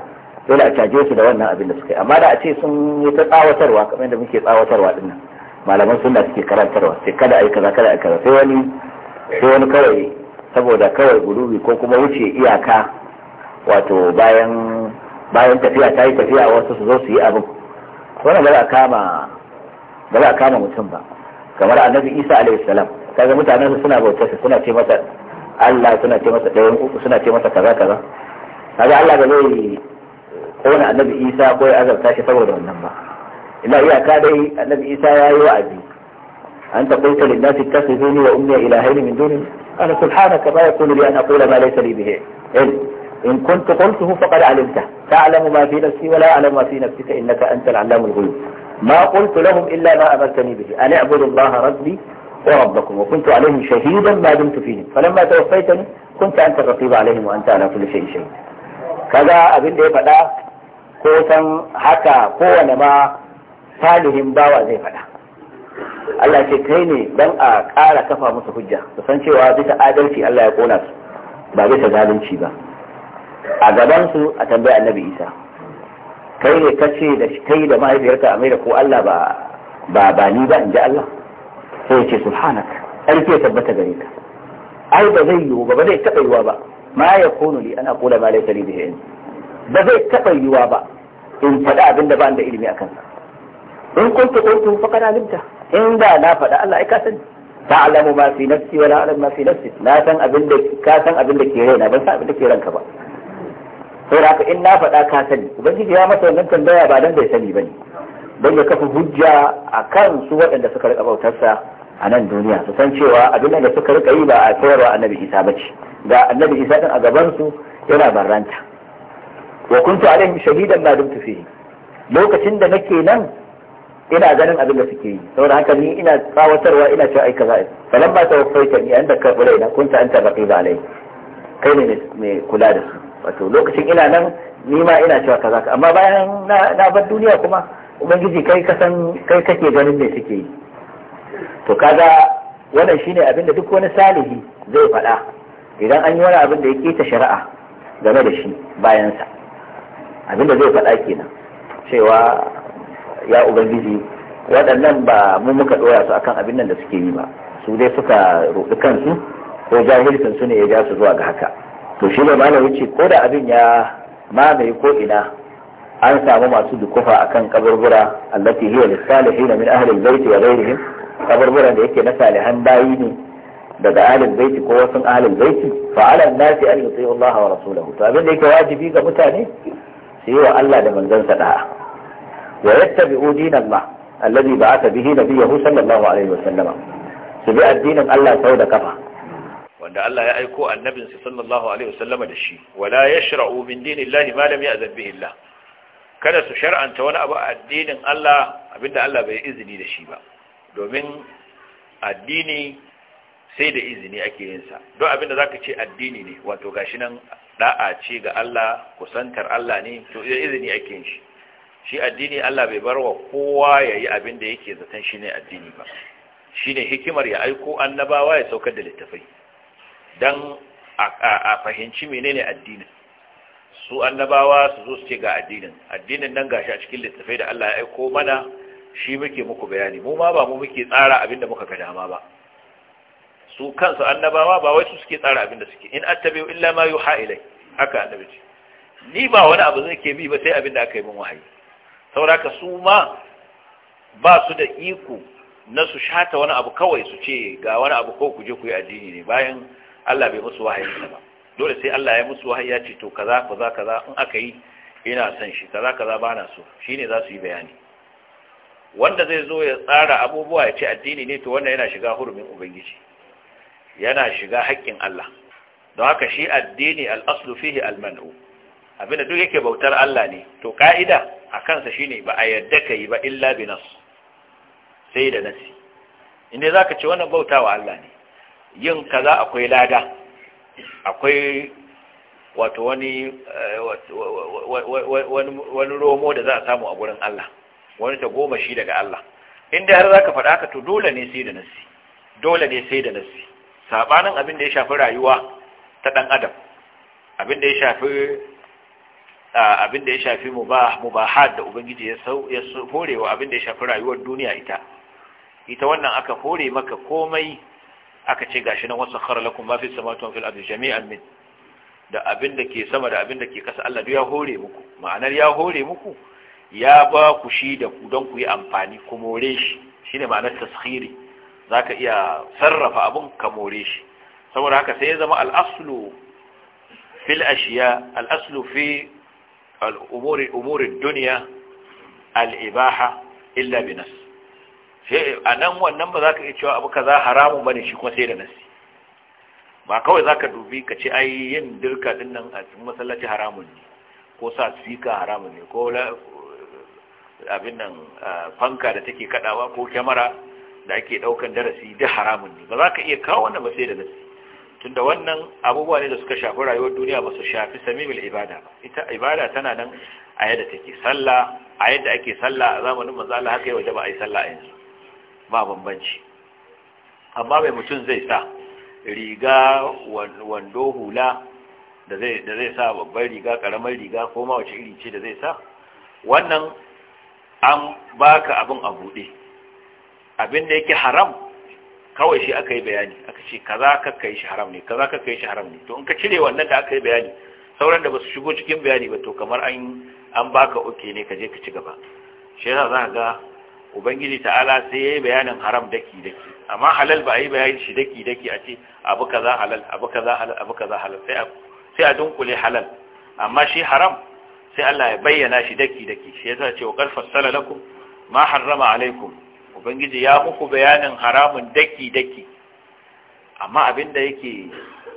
dole a caje su da wannan abin da suka yi amma da a ce sun yi ta tsawatarwa kamar yadda muke tsawatarwa din nan malaman sunna suke karantarwa sai kada ai kaza kada ai kaza sai wani sai wani kawai saboda kawai gudubi ko kuma wuce iyaka wato bayan bayan tafiya ta yi tafiya wasu su zo su yi abin wannan ba za a kama ba za a kama mutum ba kamar annabi isa alaihi salam kaga mutanen su suna bauta su suna ce masa Allah suna ce masa ɗayan uku suna ce masa kaza kaza kaga Allah ba zai kona annabi Isa ko ya azabta shi saboda wannan ba illa iyaka dai annabi Isa ya yi wa'azi أنت قلت للناس اتخذوني وأمي إلهين من دوني قال سبحانك ما يكون لي أن أقول ما ليس لي به علم إن كنت قلته فقد علمته تعلم ما في نفسي ولا أعلم ما في نفسك إنك أنت العلام الغيوب ما قلت لهم إلا ما أمرتني به أن اعبدوا الله ربي وربكم وكنت عليهم شهيدا ما دمت فيهم فلما توفيتني كنت أنت الرقيب عليهم وأنت على كل شيء شهيد kaga abin da ya faɗa ko san haka kowane ma salihin bawa zai faɗa Allah ce kai ne don a ƙara kafa musu hujja su cewa bisa adalci Allah ya kona su ba bisa zalunci ba a gabansu a tambayi annabi isa kai ne kace da kai da mahaifiyarka a ko Allah ba ba ni ba in ji Allah sai ya ce subhanak ƙarfi ya tabbata gare ka ai ba zai yiwu ba ba zai taɓa yiwa ba ma ya kunu li ana kula ma laifari da yanzu ba zai taɓa yiwa ba in faɗa abin da ba da ilimi a kansa in kuntu kuntu fa kana limta in da na faɗa Allah ai ka sani ta'lamu ma fi nafsi wala a'lamu ma fi nafsi na san abin da ka san abin da ke raina ban san abin da ke ranka ba saboda haka in na faɗa ka sani ubangiji ya masa wannan tambaya ba dan bai sani bane don ya kafa hujja a kan su waɗanda suka riƙa bautarsa a nan duniya su san cewa abin da suka rika yi ba a koyarwa annabi isa ba ce ga annabi isa din a su yana barranta wa kuntu alaihim shahidan ma dumtu fihi lokacin da nake nan ina ganin abin da suke yi saboda haka ni ina tsawatarwa ina cewa ai kaza falan ba tawaffaita ni anda ka kula ina kunta anta raqiba alai kai ne mai kula da su wato lokacin ina nan ni ma ina cewa kaza amma bayan na bar duniya kuma ubangiji kai kasan kai kake ganin me suke yi to kaga wannan shine abin da duk wani salihi zai faɗa idan an yi wani abin da ya keta shari'a game da shi bayansa abin da zai faɗa kenan cewa ya ubangiji waɗannan ba mu muka ɗoya su akan abin nan da suke yi ba su dai suka roɗi kansu ko jahilcin su ne ya ja su zuwa ga haka to shi ne malam yace ko da abin ya mamaye ko ina an samu masu dukufa akan kaburbura allati hiya lisalihin min ahli albayt wa ghayrihim kaburburan da yake na salihan bayi ne daga ahlul baiti ko wasu ahlul baiti fa ala nasi an yuti'u Allah wa rasulahu to abin da yake wajibi ga mutane su yi wa Allah da manzansa da'a wa yattabi'u dinallah alladhi ba'atha bihi nabiyahu sallallahu alaihi wa sallama su bi addinin Allah sau da kafa wanda Allah ya aiko annabinsa sallallahu alaihi wa sallama da shi wala yashra'u min dinillahi ma lam ya'zan bihi Allah kada su shar'anta wani abu a addinin Allah abinda Allah bai izini da shi ba domin addini sai da izini ake yin sa don abinda zaka ce addini ne wato gashi nan da'a ce ga Allah kusantar Allah ne to da izini ake yin shi shi addini Allah bai bar wa kowa yayi abinda yake zaton shi ne addini ba shine hikimar ya aiko annabawa ya saukar da littafai dan a fahimci menene addini? su annabawa su zo su ce ga addinin addinin nan gashi a cikin littafai da Allah ya aiko mana shi muke muku bayani mu ma ba mu muke tsara abin da muka ga dama ba su kansu annabawa ba wai su suke tsara abin da suke in attabi'u illa ma yuha ilai haka annabi ce ni ba wani abu zai ke bi ba sai abin da aka yi min wahayi sauraka su ma ba su da iko na su shata wani abu kawai su ce ga wani abu ko ku je ku yi addini ne bayan Allah bai musu wahayi ba dole sai Allah ya musu wahayi ce to kaza kaza kaza in aka yi ina son shi kaza kaza ba na so shine za su yi bayani wanda zai zo ya tsara abubuwa ya ce addini ne to wannan yana shiga hurumin ubangiji yana shiga haƙƙin Allah don haka shi addini al-aslu fihi al-man'u abinda duk yake bautar Allah ne to ka'ida a kansa shine ba a yadda ka ba illa bi nas sai da nasi inda zaka ce wannan bautawa Allah ne yin kaza akwai lada akwai wato eh, wani wani romo da za a samu a gurin Allah wani ta goma shi daga Allah inda har ka faɗa ka to dole ne sai da nasi dole ne sai da nasi sabanin abin da ya shafi rayuwa ta ɗan adam abin da ya shafi abin da ya shafi mubahad da ubangiji ya sau ya horewa abin da ya shafi rayuwar duniya ita ita wannan aka hore maka komai aka ce gashi nan wasu khara lakum ma fi samawati wa fil ardi jami'an min da abin da ke sama da abin da ke kasa Allah duk ya hore muku ma'anar ya hore muku ya ba ku shi da ku don ku yi amfani ku more shi shine ma'anar taskhiri zaka iya sarrafa abin ka more shi saboda haka sai ya zama al-aslu fil ashiya al-aslu fi al-umuri umuri umuri dunya al-ibaha illa bi nafsi sai a nan wannan ba za ka iya cewa abu kaza haramun bane shi kuma sai da nasi ba kawai za ka dubi ka ce ai yin dirka din nan a cikin masallaci haramun ne ko sa sika haramun ne ko abin nan fanka da take kadawa ko kyamara da ake daukan darasi duk haramun ne ba za ka iya kawo wannan ba sai da nasi tunda wannan abubuwa ne da suka shafi rayuwar duniya ba su shafi samimil ibada ita ibada tana nan a yadda take sallah a yadda ake sallah a zamanin manzo Allah haka yau da ba ai sallah a yanzu ba bambanci amma mai mutum zai sa riga wando hula da zai sa babbar riga karamar riga ko ma wace iri ce da zai sa wannan an baka abin a buɗe abin da yake haram kawai shi aka yi bayani aka ce kaza ka kai shi haram ne kaza ka kai shi haram ne to in ka cire wannan da aka yi bayani sauran da ba su shigo cikin bayani ba to kamar an baka oke ne ka je ka ci gaba shi yasa za ka ga ubangiji ta'ala sai yayi bayanin haram daki daki amma halal ba yi bayanin shi daki daki a ce abu kaza halal abu kaza halal abu kaza halal sai sai a dunkule halal amma shi haram sai Allah ya bayyana shi daki daki shi yasa ce wa qad fassala lakum ma harrama alaikum ubangiji ya muku bayanin haramun daki daki amma abinda yake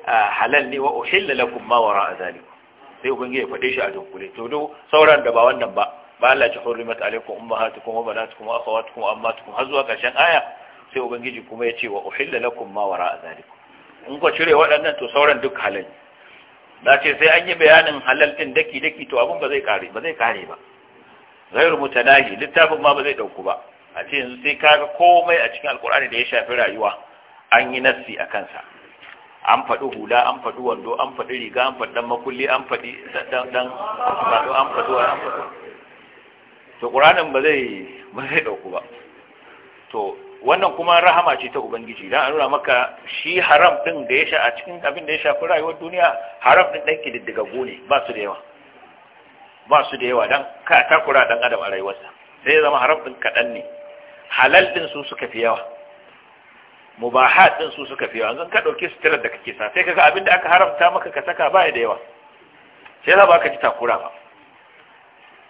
halal ne wa uhilla lakum ma wara'a zalik sai ubangiji ya faɗe shi a dunkule to do sauran da ba wannan ba ba Allah ta hurrimat alaikum ummahatukum wa banatukum wa akhawatukum wa ammatukum har zuwa ƙarshen aya sai ubangiji kuma ya ce wa uhilla lakum ma wara'a zalikum in ko cire waɗannan to sauran duk halal da ce sai an yi bayanin halal din daki daki to abin ba zai kare ba zai kare ba ghairu mutanahi littafin ma ba zai dauku ba a ce yanzu sai kaga komai a cikin alkur'ani da ya shafi rayuwa an yi nassi a kansa an faɗi hula an faɗi wando an faɗi riga an faɗi dan makulli an faɗi dan dan an faɗi an faɗi to ƙuranin ba zai ba ɗauku ba to wannan kuma rahama ce ta ubangiji dan a nuna maka shi haram ɗin da ya sha a cikin abin da ya shafi rayuwar duniya haram ɗin ɗan diddiga ne ba su da yawa ba su da yawa dan ka takura ɗan adam a rayuwarsa sai ya zama haram ɗin kaɗan ne halal ɗin su suka fi yawa mubahat ɗin su suka fi yawa zan ka ɗauki suturar da kake sa sai kaga abin da aka haramta maka ka saka ba da yawa sai za ba ka ji takura ba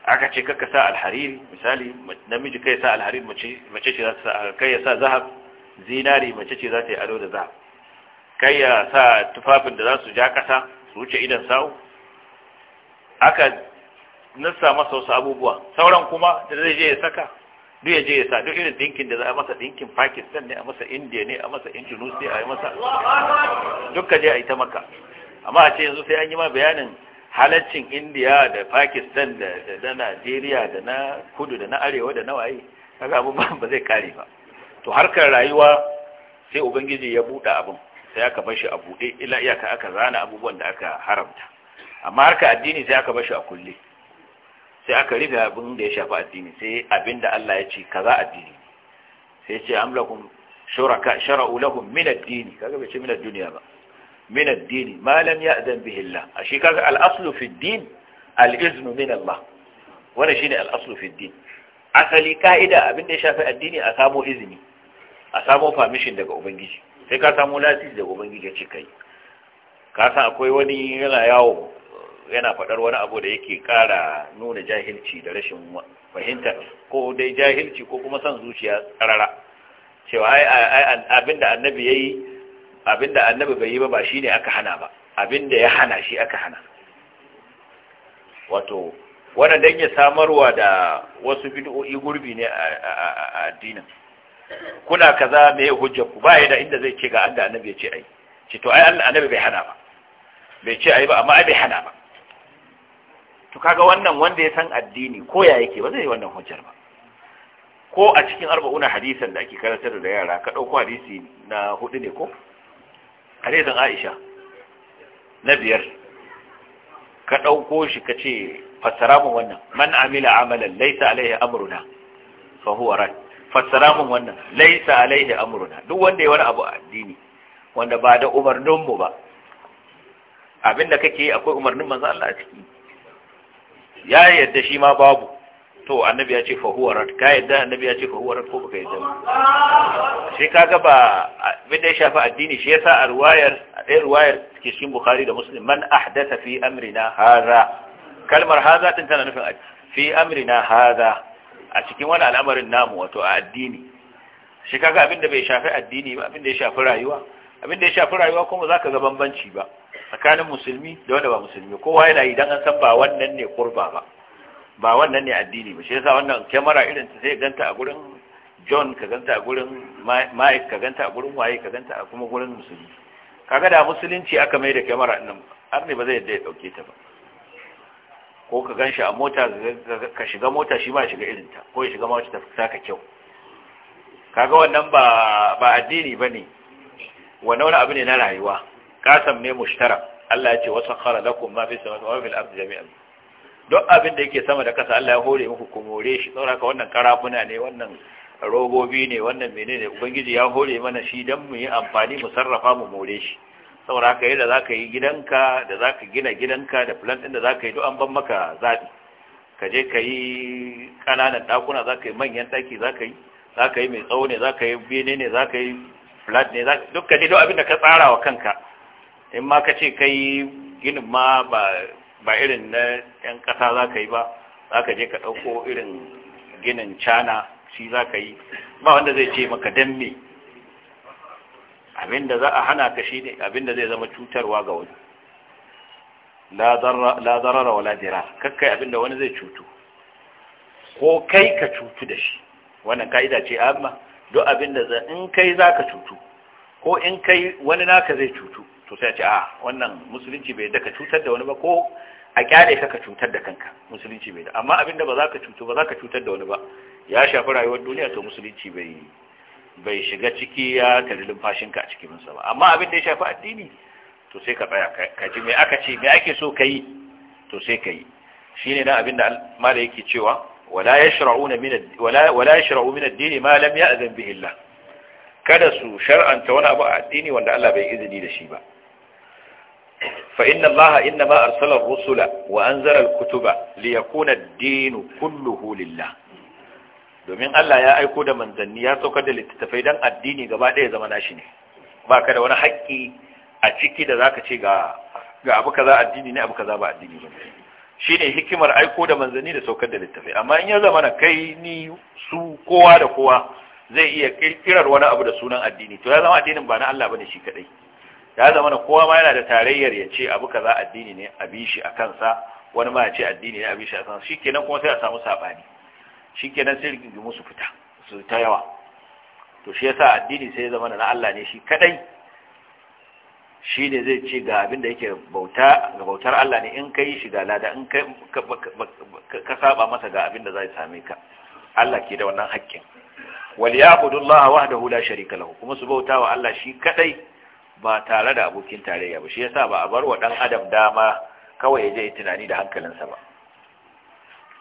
aka ce kaka sa alhariri misali namiji kai sa alharin mace ce za ta sa kai ya sa zahab zinari mace ce za ta yi ado da zahab kai ya sa tufafin da za su ja kasa su wuce idan sau aka nasa masa wasu abubuwa sauran kuma da zai je ya saka duk ya je ya sa duk irin dinkin da za a masa dinkin Pakistan ne a masa India ne a masa Indonesia a yi masa duk ka je a yi ta maka amma a ce yanzu sai an yi ma bayanin halaccin indiya da pakistan da da najeriya da na kudu da na arewa da na waye kaga abun ba zai kare ba to harkar rayuwa sai ubangiji ya buɗe abun sai aka bar shi a buɗe ila iyaka aka zana abubuwan da aka haramta amma harka addini sai aka bar shi a kulle sai aka rufe abin da ya shafi addini sai abinda Allah ya ce kaza addini sai ya ce amlakum shuraka shara'u lahum min ad kaga bai ce min ad ba min ad-din ma lam ya'zan bihi Allah ashe kaga al-aslu fi ad-din al-izn min Allah shine al-aslu asali ka'ida abin da ya shafi addini a samo izini a samo permission daga ubangiji sai ka samo lasisi da ubangiji ya ci kai ka san akwai wani yana yawo yana faɗar wani abu da yake ƙara nuna jahilci da rashin fahimtar ko dai jahilci ko kuma son zuciya tsarara cewa abinda annabi ya yi. abinda annabi bai yi ba ba shine aka hana ba abinda ya hana shi aka hana wato wanda dan ya samarwa da wasu bid'o'i gurbi ne a addinin kuna kaza me hujjar ku ba da inda zai ce ga Allah annabi ya ce ai ce to ai Allah annabi bai hana ba bai ce ai ba amma ai bai hana ba to kaga wannan wanda ya san addini ko ya yake ba zai yi wannan hujjar ba ko a cikin arba'una hadisan da ake karantar da yara ka dauko hadisi na hudu ne ko hadisin Aisha na biyar ka ɗauko shi ka ce fassara mun wannan man amila amalan laisa alaihi amruna fa huwa rad fassara mun wannan laisa alaihi amruna duk wanda ya wani abu a addini wanda ba da umarnin mu ba abinda kake akwai umarnin manzo Allah a ciki ya yadda shi ma babu to annabi ya ce fahuwa rat ka yadda annabi ya ce fahuwa rat ko baka yadda ba sai kaga ba abin da ya shafi addini shi yasa a ruwayar a ɗaya ruwayar ke cikin bukhari da muslim man ahdasa fi amrina haza kalmar haza din tana nufin fi amrina haza a cikin wani al'amarin namu wato a addini shi kaga abin da bai shafi addini ba abin da ya shafi rayuwa abin da ya shafi rayuwa kuma ka ga bambanci ba tsakanin musulmi da wanda ba musulmi kowa yana yi dan an san ba wannan ne kurba ba ba wannan ne addini ba shi yasa wannan kyamara irin ta sai ganta a gurin John ka ganta a gurin Mike ka ganta a gurin waye ka ganta a kuma gurin musulmi kaga da musulunci aka mai da kyamara ɗin har ne ba zai yadda ya dauke ta ba ko ka ganshi a mota ka shiga mota shi ba shiga irin ta ko ya shiga mota ta saka kyau kaga wannan ba ba addini bane wannan wani abu ne na rayuwa kasam ne mushtara Allah ya ce wasakhara lakum ma fi samawati wa fil ardi jami'an duk abin da yake sama da kasa Allah ya hore muku ku more shi saboda wannan karafuna ne wannan robobi ne wannan menene ubangiji ya hore mana shi dan mu yi amfani mu sarrafa mu more shi saboda haka yadda zaka yi gidanka da zaka gina gidanka da plant din da zaka yi duk an ban maka zabi ka je ka yi kananan dakuna zaka yi manyan daki zaka yi zaka yi mai tsawo ne zaka yi bene ne zaka yi flat ne duk ka je duk abin da ka tsara wa kanka in ma ka ce kai ginin ma ba ba irin na 'yan ƙasa za ka yi ba za ka je ka ɗauko irin ginin cana shi za ka yi ba wanda zai ce maka don me abinda za a hana ka shi ne abinda zai zama cutarwa ga wani la zarara wa ladira kakkai abinda wani zai cutu ko kai ka cutu da shi wannan ka'ida ce amma duk abinda in kai za ka cutu ko in kai wani naka zai cutu to sai a ce a ah, wannan musulunci bai da ka cutar da wani ba ko a kyale ka cutar da kanka musulunci bai da amma abinda ba za ka cutu ba za ka cutar da wani ba ya shafi rayuwar duniya to musulunci bai bai shiga ciki ya tare ka a cikin sa ba amma abin da ya shafi addini to sai ka tsaya ka ji me aka ce me ake so ka yi to sai ka yi shine dan abin da mala yake cewa wala yashra'una min wala yashra'u min ad-din ma lam ya'zan bihi Allah kada su shar'anta wani abu a addini wanda Allah bai izini da shi ba fa inna allaha innama arsala rusula wa anzala al-kutuba li yakuna ad-din kulluhu domin Allah ya aiko da manzanni ya saukar da littattafai don addini gaba ɗaya zama nashi ne Ba ka da wani haƙƙi a ciki da za ka ce ga ga abu kaza addini ne abu kaza ba addini ba Shi ne hikimar aiko da manzanni da saukar da littattafai amma in ya zama na kai ni su kowa da kowa zai iya ƙirƙirar wani abu da sunan addini to ya zama addinin ba na Allah ba ne shi kadai ya zama kowa ma yana da tarayyar ya ce abu kaza addini ne a bi shi a kansa wani ma ya ce addini ne a bi shi a kansa shikenan kuma sai a samu shi shikenan sai rigingi musu fita su ta yawa to shi yasa addini sai ya zama na Allah ne shi kadai shi ne zai ce ga abin da yake bauta ga bautar Allah ne in kai shi ga lada in kai ka saba masa ga abin da zai same ka Allah ke da wannan haƙƙin wal ya'budu Allah wahdahu la sharika lahu kuma su bauta wa Allah shi kadai ba tare da abokin tarayya ba shi yasa ba a bar wa dan adam dama kawai ya je tunani da hankalinsa ba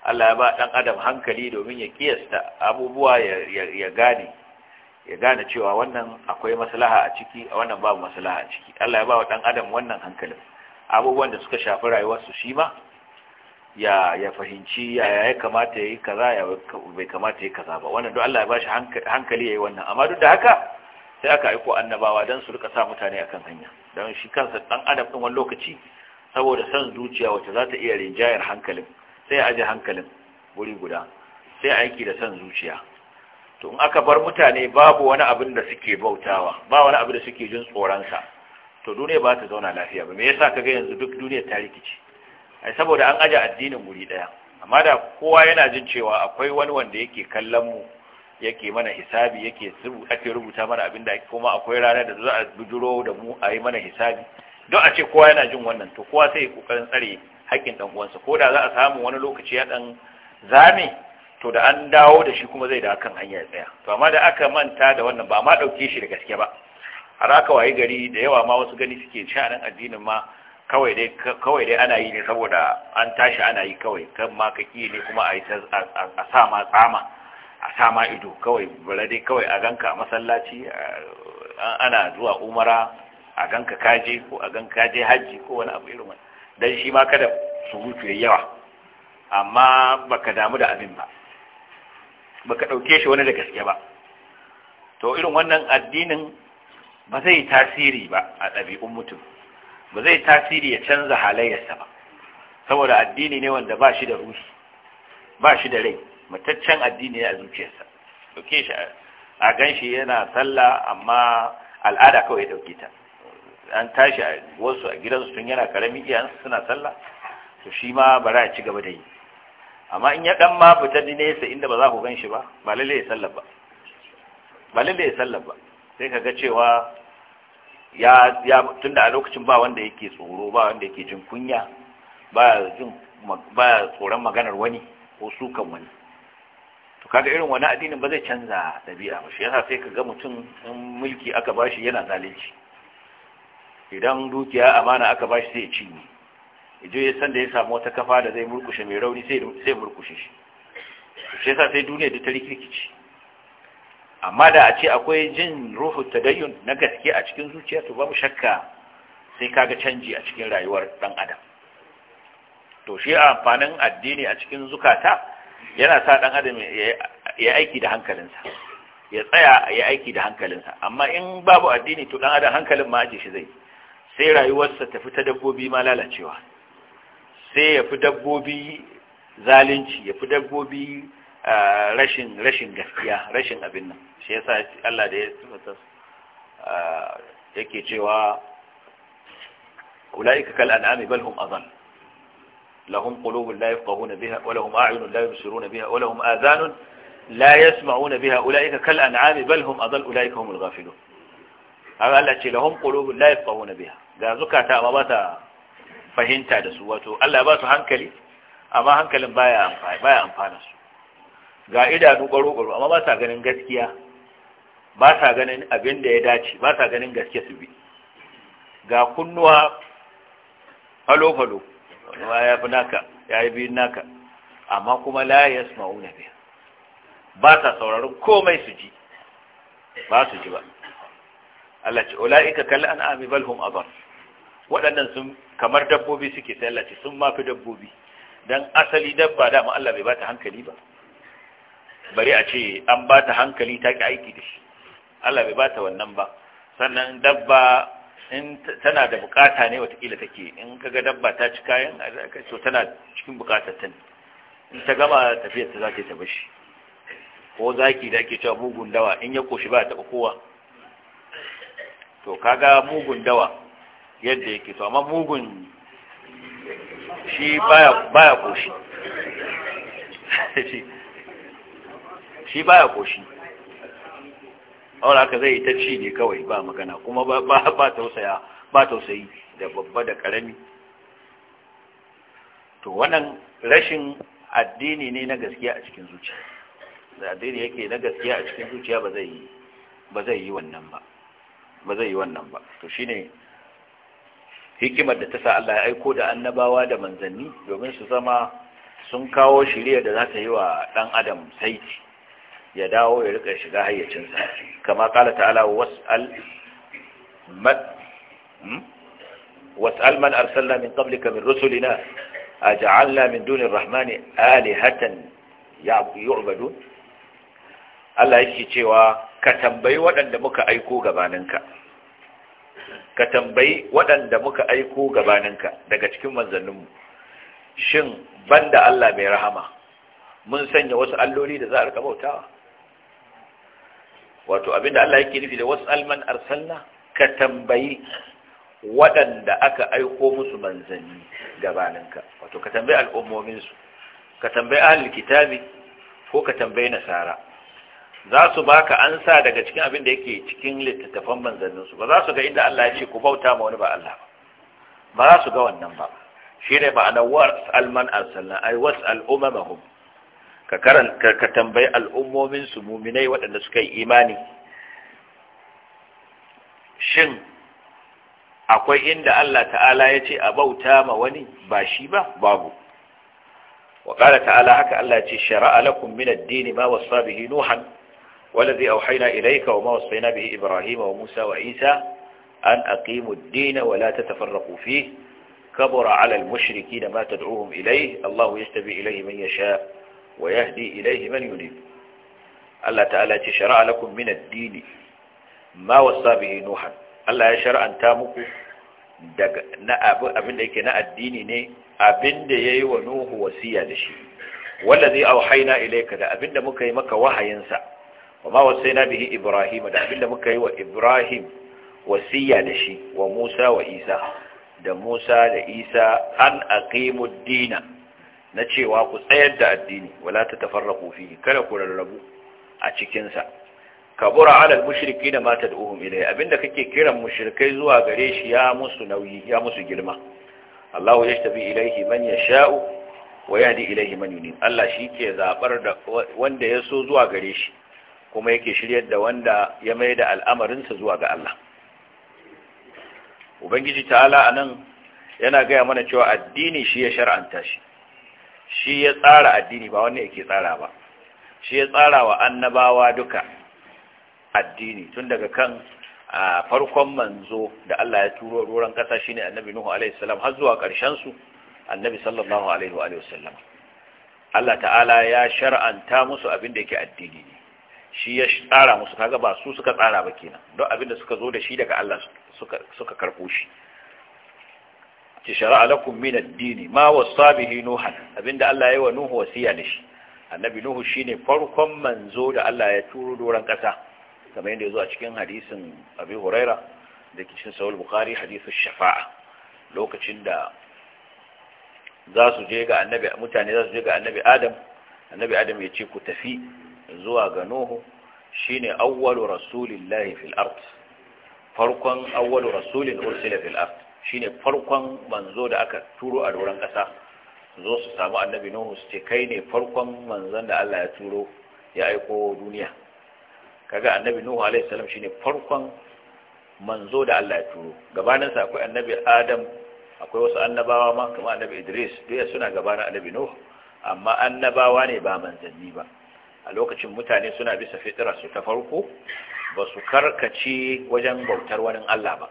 Allah ya ba dan adam hankali domin ya kiyasta abubuwa ya gane ya gane cewa wannan akwai maslaha a ciki a wannan babu maslaha a ciki Allah ya ba wa dan adam wannan hankalin abubuwan da suka shafi rayuwarsu shi ma ya ya fahimci ya ya kamata yayi kaza ya bai kamata yayi kaza ba wannan duk Allah ya ba shi hankali yayi wannan amma duk da haka sai aka aiko annabawa don su rika sa mutane akan hanya don shi kansa ɗan adam ɗin wani lokaci saboda san zuciya wacce za ta iya rinjayar hankalin sai aje hankalin wuri guda sai aiki da san zuciya to in aka bar mutane babu wani abin da suke bautawa ba wani abin da suke jin tsoronsa to duniya ba ta zauna lafiya ba me yasa ka ga yanzu duk duniya ta rikici ai saboda an aje addinin wuri ɗaya. amma da kowa yana jin cewa akwai wani wanda yake kallon mu yake mana hisabi yake ake rubuta mana abin da kuma akwai ranar da za a bujuro da mu a yi mana hisabi don a ce kowa yana jin wannan to kowa sai kokarin tsare haƙƙin dan uwansa ko da za a samu wani lokaci ya dan zame to da an dawo da shi kuma zai da kan hanya tsaya to amma da aka manta da wannan ba ma ɗauke shi da gaske ba har aka waye gari da yawa ma wasu gani suke nan addinin ma kawai dai kawai dai ana yi ne saboda an tashi ana yi kawai kan ma kake ne kuma a yi a sa ma tsama a sama ido kawai bare dai kawai a ganka masallaci ana zuwa umara a ganka kaje ko a ganka kaje hajji ko wani abu irin wani dan shi ma kada surutu yayi yawa amma baka damu da abin ba baka dauke shi wani da gaske ba to irin wannan addinin ba zai tasiri ba a ɗabi'un mutum ba zai tasiri ya canza halayyarsa ba saboda addini ne wanda ba shi da ruhi ba shi da rai mataccen addini a zuciyarsa dauke shi a gan shi yana sallah amma al'ada kawai ya dauke ta an tashi wasu a gidansu tun yana karami iya suna sallah to shi ma za a ci gaba da yi amma in ya dan ma fita ne nesa inda ba za ku gan shi ba ba lalle ya sallah ba ba lalle ya sallah ba sai ka ga cewa ya ya tunda a lokacin ba wanda yake tsoro ba wanda yake jin kunya ba jin ba tsoron maganar wani ko sukan wani kaga irin wani addinin ba zai canza dabi'a ba shi yasa sai kaga mutum in mulki aka bashi yana zalunci idan dukiya amana aka bashi sai ya ne idan ya san da ya samu wata kafa da zai murkushe mai rauni sai sai murkushe shi shi yasa sai duniya da ta rikirkici amma da a ce akwai jin ruhu tadayyun na gaske a cikin zuciya to babu shakka sai kaga canji a cikin rayuwar dan adam to shi amfanin addini a cikin zukata yana sa dan adam ya aiki da hankalinsa ya tsaya ya aiki da hankalinsa amma in babu addini to dan adam hankalin ma aje shi zai sai rayuwarsa ta fi ta dabbobi ma lalacewa sai ya fi dabbobi zalunci ya fi dabbobi rashin rashin gaskiya rashin abin nan shi yasa Allah da ya tsufata yake cewa ulaika kal an'ami bal hum adall lahum qulubun la yafqahuna biha wa lahum a'yunun la yubsiruna biha wa lahum adhanun la yasma'una biha ulaika kal an'ami bal hum adall ulaika humul Allah ce lahum qulubun la yafqahuna biha ga zukata amma ba ta fahimta da su wato Allah ba su hankali amma hankalin baya amfani amfana su ga idanu garo garo amma ba sa ganin gaskiya ba ganin ya dace ba ganin gaske su bi ga kunnuwa falo-falo ruwa ya fi naka ya yi biyun naka amma kuma la ya sma'u na biya ba ta sauraron komai su ji ba su ji ba Allah ce ula'ika kal an'ami bal bar. waɗannan sun kamar dabbobi suke sai Allah ce sun mafi dabbobi don asali dabba dama Allah bai bata hankali ba bari a ce an bata hankali ta ki aiki da shi Allah bai bata wannan ba sannan dabba in tana da bukata ne watakila take in kaga dabba ta ci kayan aka so tana cikin bukatar ta in ta gama tafiyar ta za ta tafi shi ko zaki da ake cewa mugun dawa in ya koshi ba ta kowa to kaga mugun dawa yadda yake to amma mugun shi baya baya koshi shi baya koshi aure aka zai ta ci ne kawai ba magana kuma ba tausaya ba tausayi da babba da karami to wannan rashin addini ne na gaskiya a cikin zuciya da addini yake na gaskiya a cikin zuciya ba zai yi ba zai yi wannan ba ba zai yi wannan ba to shine hikimar da ta sa Allah ya aiko da annabawa da manzanni domin su zama sun kawo shirya da za ta yi wa dan adam saiti ya dawo ya rika shiga hayyacinsa kama kala ta'ala was'al man hmm? was'al man arsalna min qablika min rusulina aj'alna min duni rahmani alihatan yu'badun Allah yake cewa ka tambayi waɗanda muka aiko gabaninka ka tambayi waɗanda muka aiko gabaninka daga cikin manzanninmu shin banda Allah mai rahama mun sanya wasu alloli da za a rika bautawa wato abinda Allah yake nufi da wasu man arsalna ka tambayi waɗanda aka aiko musu manzanni gabaninka wato ka tambayi al'ummominsu, ka tambayi ahlul kitabi ko ka tambayi nasara za su baka ansa daga cikin abin da yake cikin littattafan manzannin ba za su ga inda Allah ya ce ku bauta ma wani ba Allah ba ba za su ga wannan ba shine ma'anar wasal man arsalna ay wasal umamahum ka tambayi su muminai waɗanda suka yi imani shin akwai inda Allah ta’ala ya ce a bauta ma wani ba shi ba babu wa ƙara ta’ala haka Allah ya ce shara’a lakun minar dini ma wasu sabihi nuhan wadda zai auhai na ilaika wa mawasu sai nabi wa musa wa isa an aqimu dina wa la tatafarraqu fi kabura ala al-mushriki da ma tad'uhum ilayhi allahu yastabi ilayhi man yasha' wa yahdi ilayhi man yunib Allah ta'ala ce shar'a lakum min ad ma wasa bihi nuhan Allah ya shar'anta muku daga na abin da yake na addini ne abin da yayi wa nuhu wasiya da shi wallazi auhayna ilayka da abin da muka yi maka wahayinsa wa ma wasaina bihi ibrahim da abin da muka yi wa ibrahim wasiya da shi wa musa wa isa da musa da isa an aqimud dinah na cewa ku tsayar da addini wala ta tafarraqu kofi kada ku rarrabu a cikin sa kabura ala al da mata da da'uhum ilai abinda kake kiran mushrikai zuwa gare shi ya musu nauyi ya musu girma Allahu yashtabi ilaihi man yasha'u wa yahdi ilaihi man yunib Allah shi ke zabar da wanda ya so zuwa gare shi kuma yake shiryar da wanda ya mai da al'amarinsa zuwa ga Allah ubangiji ta'ala anan yana gaya mana cewa addini shi ya shar'anta shi shi ya tsara addini ba wanne yake tsara ba shi ya tsara wa annabawa duka addini tun daga kan a farkon manzo da Allah ya turo ruran kasa shine annabi nuhu alaihi salam har zuwa karshen su annabi sallallahu alaihi wa alihi wasallam Allah ta'ala ya shar'anta musu abin da yake addini shi ya tsara musu kaga ba su suka tsara ba kenan don abin da suka zo da shi daga Allah suka suka karbo shi ce shara'a lakum dini ma wasa bihi nuhan abinda Allah ya wa nuhu wasiya da shi annabi nuhu shine farkon manzo da Allah ya turo doran kasa kamar yadda zo a cikin hadisin Abi Huraira da cikin Sahih hadisin shafa'a lokacin da za su je ga annabi mutane za su je ga annabi Adam annabi Adam ya ce ku tafi zuwa ga nuhu shine awwalu rasulillahi fil ard farkon awwalu rasulin ursila fil ard shine farkon manzo da aka turo a doron ƙasa zo su samu annabi nuhu su ce kai ne farkon manzon da Allah ya turo ya aiko duniya kaga annabi nuhu alaihi salam shine farkon manzo da Allah ya turo gabanin sa akwai annabi adam akwai wasu annabawa ma kamar annabi idris duk suna gabanin annabi nuhu amma annabawa ne ba manzanni ba a lokacin mutane suna bisa fitira su ta farko ba su karkace wajen bautar wani Allah ba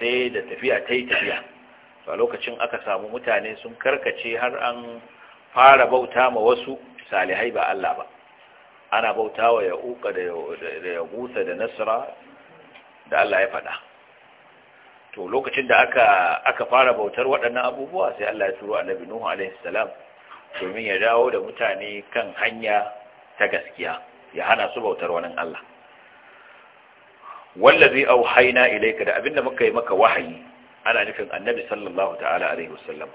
sai da tafiya ta yi tafiya a lokacin aka samu mutane sun karkace har an fara bauta ma wasu salihai ba Allah ba ana bauta wa ya uka da ya gusa da nasara da Allah ya faɗa to lokacin da aka fara bautar waɗannan abubuwa sai Allah ya turo annabi Nuhu alaihi salam domin ya dawo da mutane kan hanya ta gaskiya ya hana su bautar wani Allah wallazi auhayna ilayka da abinda muka yi maka wahayi ana nufin annabi sallallahu ta'ala alaihi wasallam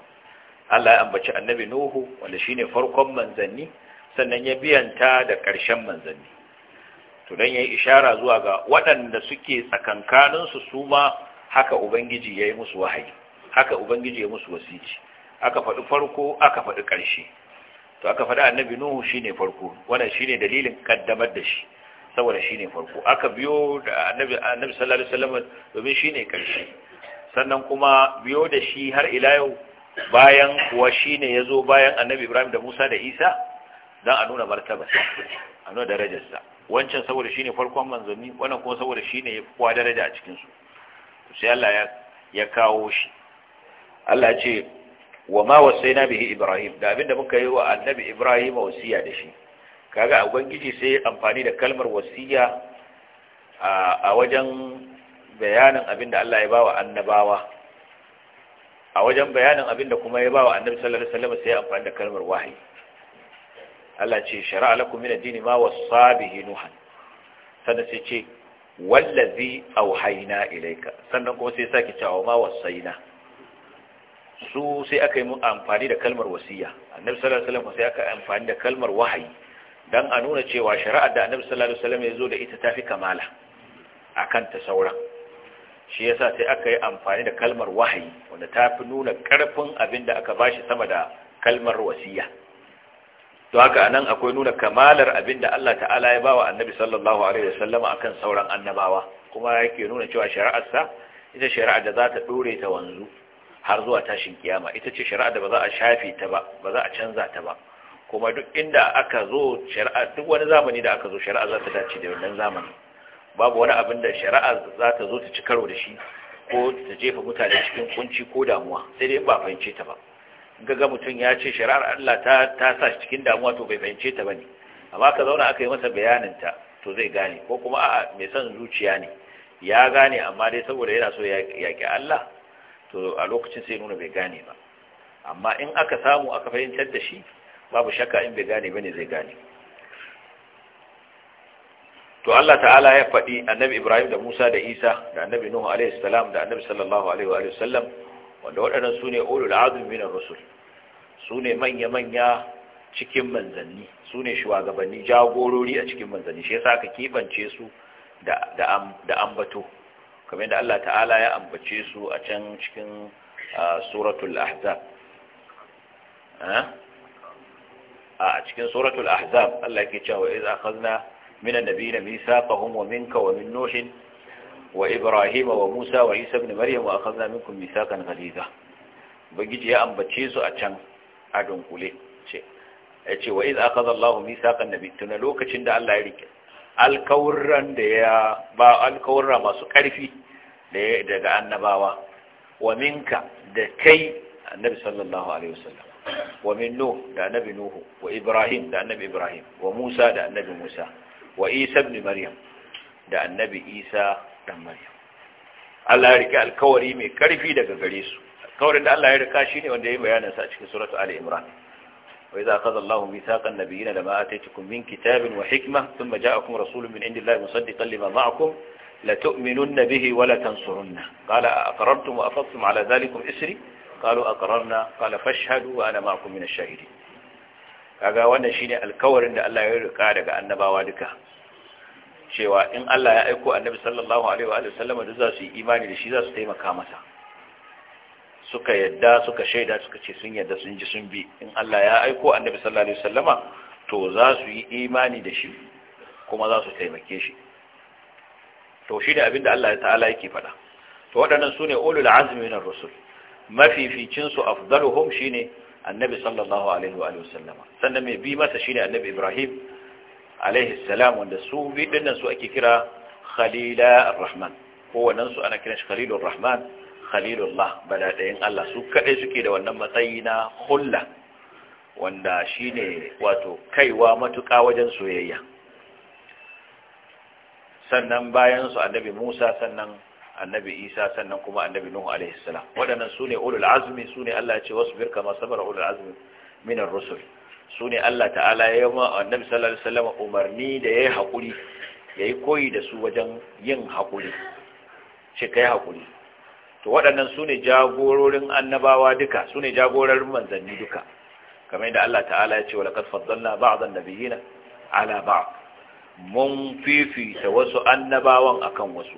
Allah ya ambaci annabi Nuhu wanda shine farkon manzanni sannan ya biyanta da ƙarshen manzanni to dan yayi ishara zuwa ga waɗanda suke tsakankanin su su ma haka ubangiji yayi musu wahayi haka ubangiji ya musu wasici aka faɗi farko aka faɗi ƙarshe to aka faɗi annabi Nuhu shine farko wannan shine dalilin kaddamar da shi saboda shi ne farko aka biyo da annabi annabi sallallahu alaihi wasallam domin ne karshe sannan kuma biyo da shi har ila yau bayan kuwa ya yazo bayan annabi Ibrahim da Musa da Isa dan a nuna martaba. a nuna darajarsa wancan saboda shi ne farkon manzanni wannan kuma saboda ne ya kwa daraja a cikin su sai Allah ya ya kawo shi Allah ya ce wa ma wasaina bihi Ibrahim da abinda muka yi wa annabi Ibrahim wasiya da shi kaga ubangiji sai amfani da kalmar wasiya a wajen bayanin abin da Allah ya ba wa annabawa a wajen bayanin abin da kuma ya ba wa annabi sallallahu alaihi wasallam sai amfani da kalmar wahayi Allah ce shara'a lakum min ad-din ma wasa bihi nuhan sannan sai ce wallazi awhayna ilayka sannan kuma sai sake cewa ma wasaina su sai aka yi amfani da kalmar wasiya annabi sallallahu alaihi wasallam sai aka amfani da kalmar wahayi dan a nuna cewa shari'ar da annabi sallallahu alaihi wasallam ya zo da ita tafi kamala akan ta sauran shi yasa sai aka yi amfani da kalmar wahayi wanda tafi nuna karfin abin da aka bashi sama da kalmar wasiya to haka anan akwai nuna kamalar abin da Allah ta'ala ya bawa annabi sallallahu alaihi wasallam akan sauran annabawa kuma yake nuna cewa shari'ar sa ita shari'ar da za ta dore ta wanzu har zuwa tashin kiyama ita ce shari'ar da ba za a shafe ta ba ba za a canza ta ba kuma duk inda aka zo shari'a duk wani zamani da aka zo shari'a za ta dace da wannan zamani babu wani abin da shari'a za ta zo ta ci karo da shi ko ta jefa mutane cikin kunci ko damuwa sai dai ba fahimce ta ba gaga mutum ya ce shari'ar Allah ta ta sa shi cikin damuwa to bai fahimce ta bane amma ka zauna aka yi masa bayanin ta to zai gane ko kuma a'a mai son zuciya ne ya gane amma dai saboda yana so ya yaki Allah to a lokacin sai nuna bai gane ba amma in aka samu aka fahimtar da shi babu shakka in bai gane bane zai gane to Allah ta'ala ya faɗi annabi Ibrahim da Musa da Isa da annabi Nuhu alayhi salam da annabi sallallahu alaihi wa sallam wanda waɗannan sune ulul azmi minar rusul sune manya manya cikin manzanni sune shugabanni jagorori a cikin manzanni shi yasa aka kibance su da da da ambato kamar da Allah ta'ala ya ambace su a can cikin ah, suratul ahzab a cikin suratul ahzab Allah yake cewa iz akhadna min annabiyina mithaqahum wa minka wa min nuhin wa Ibrahim wa musa wa isa ibn maryam wa akhadna minkum mithaqan ghaliza bagiji ya ambace su a can a dunkule ce yace wa iz akhadha Allahu mithaqan nabiyyina lokacin da Allah ya rike alkawurran da ya ba alkawurra masu karfi daga annabawa wa minka da kai annabi sallallahu alaihi wasallam wa min nuh da annabi nuhu wa ibrahim da annabi ibrahim wa da annabi musa wa isa maryam da annabi isa dan maryam Allah ya rike alkawari mai karfi daga gare su alkawarin da Allah ya rika shine wanda yayi bayanin sa a cikin suratu ali imran wa idza qada Allahu mithaqan nabiyina lama ataytukum min kitabin wa hikma thumma ja'akum rasulun min indillahi musaddiqan lima ma'akum la tu'minunna bihi wa la tansurunna qala aqarrartum wa afadtum ala dhalikum isri قالوا aqrarna قال فاشهدوا wa معكم من min ash kaga wannan shine alkawarin da Allah ya rika daga annabawa duka cewa in Allah ya aiko annabi sallallahu alaihi wa sallama duk za su yi imani da shi za su taimaka masa suka yadda suka shaida suka ce sun yadda sun ji sun bi in Allah ya aiko annabi sallallahu alaihi wa sallama to za su yi imani da shi kuma za su taimake shi to shi da abinda Allah ta'ala yake faɗa to waɗannan sune ulul azmi minar rusul mafificin su afdaluhum shine annabi sallallahu alaihi wa sallama sannan mai bi masa shine annabi ibrahim alaihi salam wanda su bi dinnan su ake kira khalila arrahman kowannen su ana kiran shi khalilur rahman khalilullah bada dayan Allah su kadai suke da wannan matsayi na hulla wanda shine wato kaiwa matuka wajen soyayya sannan bayan su annabi Musa sannan annabi isa sannan kuma annabi nuhu alaihi salam waɗannan su ne ulul azumi su ne allah ya ce wasbir kama sabara ulul azmi min rusul su ne allah ta'ala ya yi wa annabi sallallahu alaihi wasallam umarni da haƙuri ya yayi koyi da su wajen yin hakuri ce kai hakuri to waɗannan su ne jagororin annabawa duka su ne jagororin manzanni duka kamar yadda Allah ta'ala ya ce wa laqad faddalna ba'dhan nabiyina ala ba'd mun fifita wasu annabawan akan wasu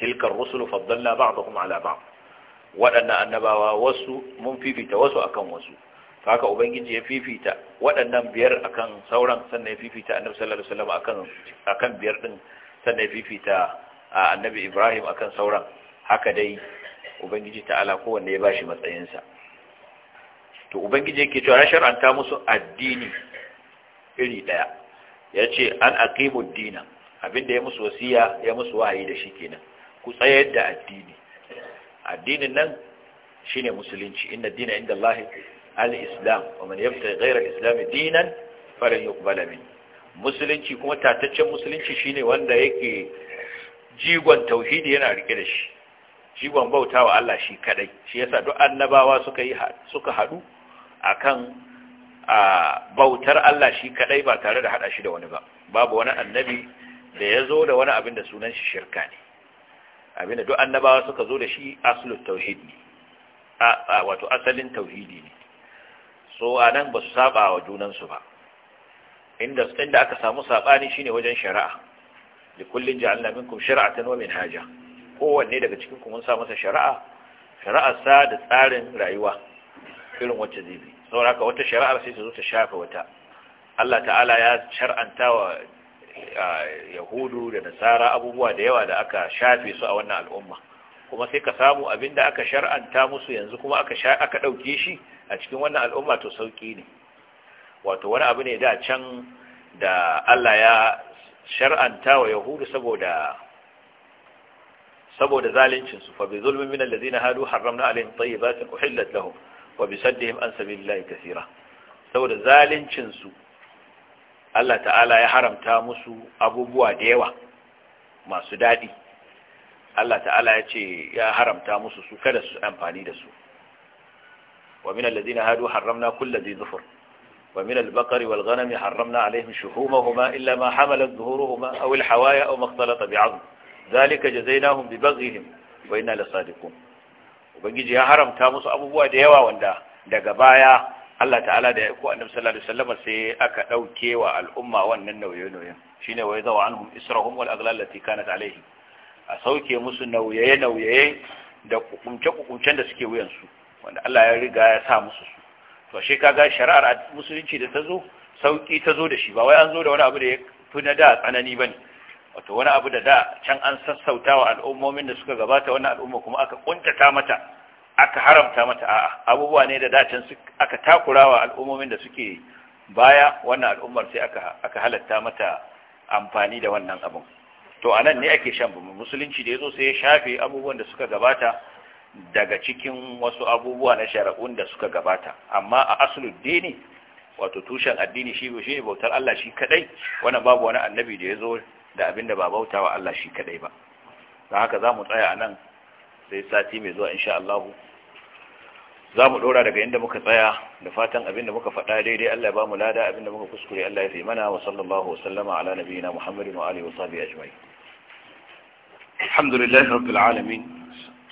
tilkar rusulu faddalla ba'dhum ala ba'd waɗannan annabawa wasu mun fifita wasu akan wasu haka ubangiji ya fifita waɗannan biyar akan sauran sannan ya fifita annabi sallallahu alaihi wasallam akan akan biyar din sannan ya fifita annabi Ibrahim akan sauran haka dai ubangiji ta'ala kowanne ya bashi matsayinsa to ubangiji yake cewa shar'anta musu addini iri daya yace an aqimu dina abinda ya musu wasiya ya musu wahayi da shi kenan ku tsayar da addini addinin nan shine musulunci inna dina inda Allah al-islam wa man yabta ghayra al-islam dinan falan yuqbala min musulunci kuma tataccen musulunci shine wanda yake jigon tauhidi yana rike da shi jigon bautawa Allah shi kadai shi yasa duk annabawa suka yi suka hadu akan a bautar Allah shi kadai ba tare da hada shi da wani ba babu wani annabi da ya zo da wani abin da sunan shi shirka ne abinda duk annabawa suka zo da shi aslut tauhid ne wato asalin tauhidi ne so anan ba su saba wa junansu ba inda inda aka samu sabani shine wajen shari'a li kullin ja'alna minkum shari'atan wa haja. kowanne daga cikin ku mun sa masa shari'a shari'a sa da tsarin rayuwa irin wacce zai bi saboda wata shari'a sai ta zo ta shafe wata Allah ta'ala ya shar'anta wa yahudu da nasara abubuwa da yawa da aka shafe su a wannan al'umma kuma sai ka samu da aka shar'anta musu yanzu kuma aka aka shi a cikin wannan al'umma to sauki ne wato wani abu ne da can da Allah ya shar'anta wa yahudu saboda saboda zalincin fa bi zulmin min allazina hadu harramna alaihim tayyibatin uhillat lahum wa bi saddihim an sabilillahi kaseera saboda zalincin Allah ta'ala ya haramta musu abubuwa da yawa masu daɗi Allah ta'ala ya ce ya haramta musu su kada su amfani da su wa min allazina hadu harramna kulli dhi zufur. wa min al wal ghanami harramna alaihim shuhumahuma illa ma hamalat zuhuruhuma aw al aw ma ikhtalata bi'azm zalika jazainahum bi baghihim wa inna lasadiqun ubangiji ya haramta musu abubuwa da yawa wanda daga baya Allah ta'ala da ya ko annabi sallallahu alaihi wasallam sai aka dauke wa al'umma wannan nauye-nauyen shine wa yadaw anhum israhum wal aghlal lati kanat alaihi a sauke musu nauye-nauye da kukunce-kukuncen da suke wuyan su wanda Allah ya riga ya sa musu su to shi kaga shari'ar musulunci da ta zo sauki ta zo da shi ba wai an zo da wani abu da ya fi na da tsanani bane wato wani abu da da can an sassauta wa al'ummomin da suka gabata wannan al'umma kuma aka kuntata mata aka haramta mata a abubuwa ne da dacin aka takurawa al'ummomin da suke baya wannan al'ummar sai aka aka halatta mata amfani da wannan abun to anan ne ake shan musulunci da ya zo sai ya shafe abubuwan da suka gabata daga cikin wasu abubuwa na shari'un da suka gabata amma a dini wato tushen addini shi shi bautar Allah shi kadai wannan babu wani annabi da ya zo da abin da ba bautawa Allah shi kadai ba don haka zamu tsaya anan sai sati mai zuwa insha Allah za mu dora daga inda muka tsaya da fatan abinda muka faɗa daidai Allah ya ba mu lada abinda muka kuskure Allah ya fi mana wa sallallahu wasallama ala nabiyina Muhammadin wa alihi wa sahbihi ajma'in alhamdulillahi rabbil alamin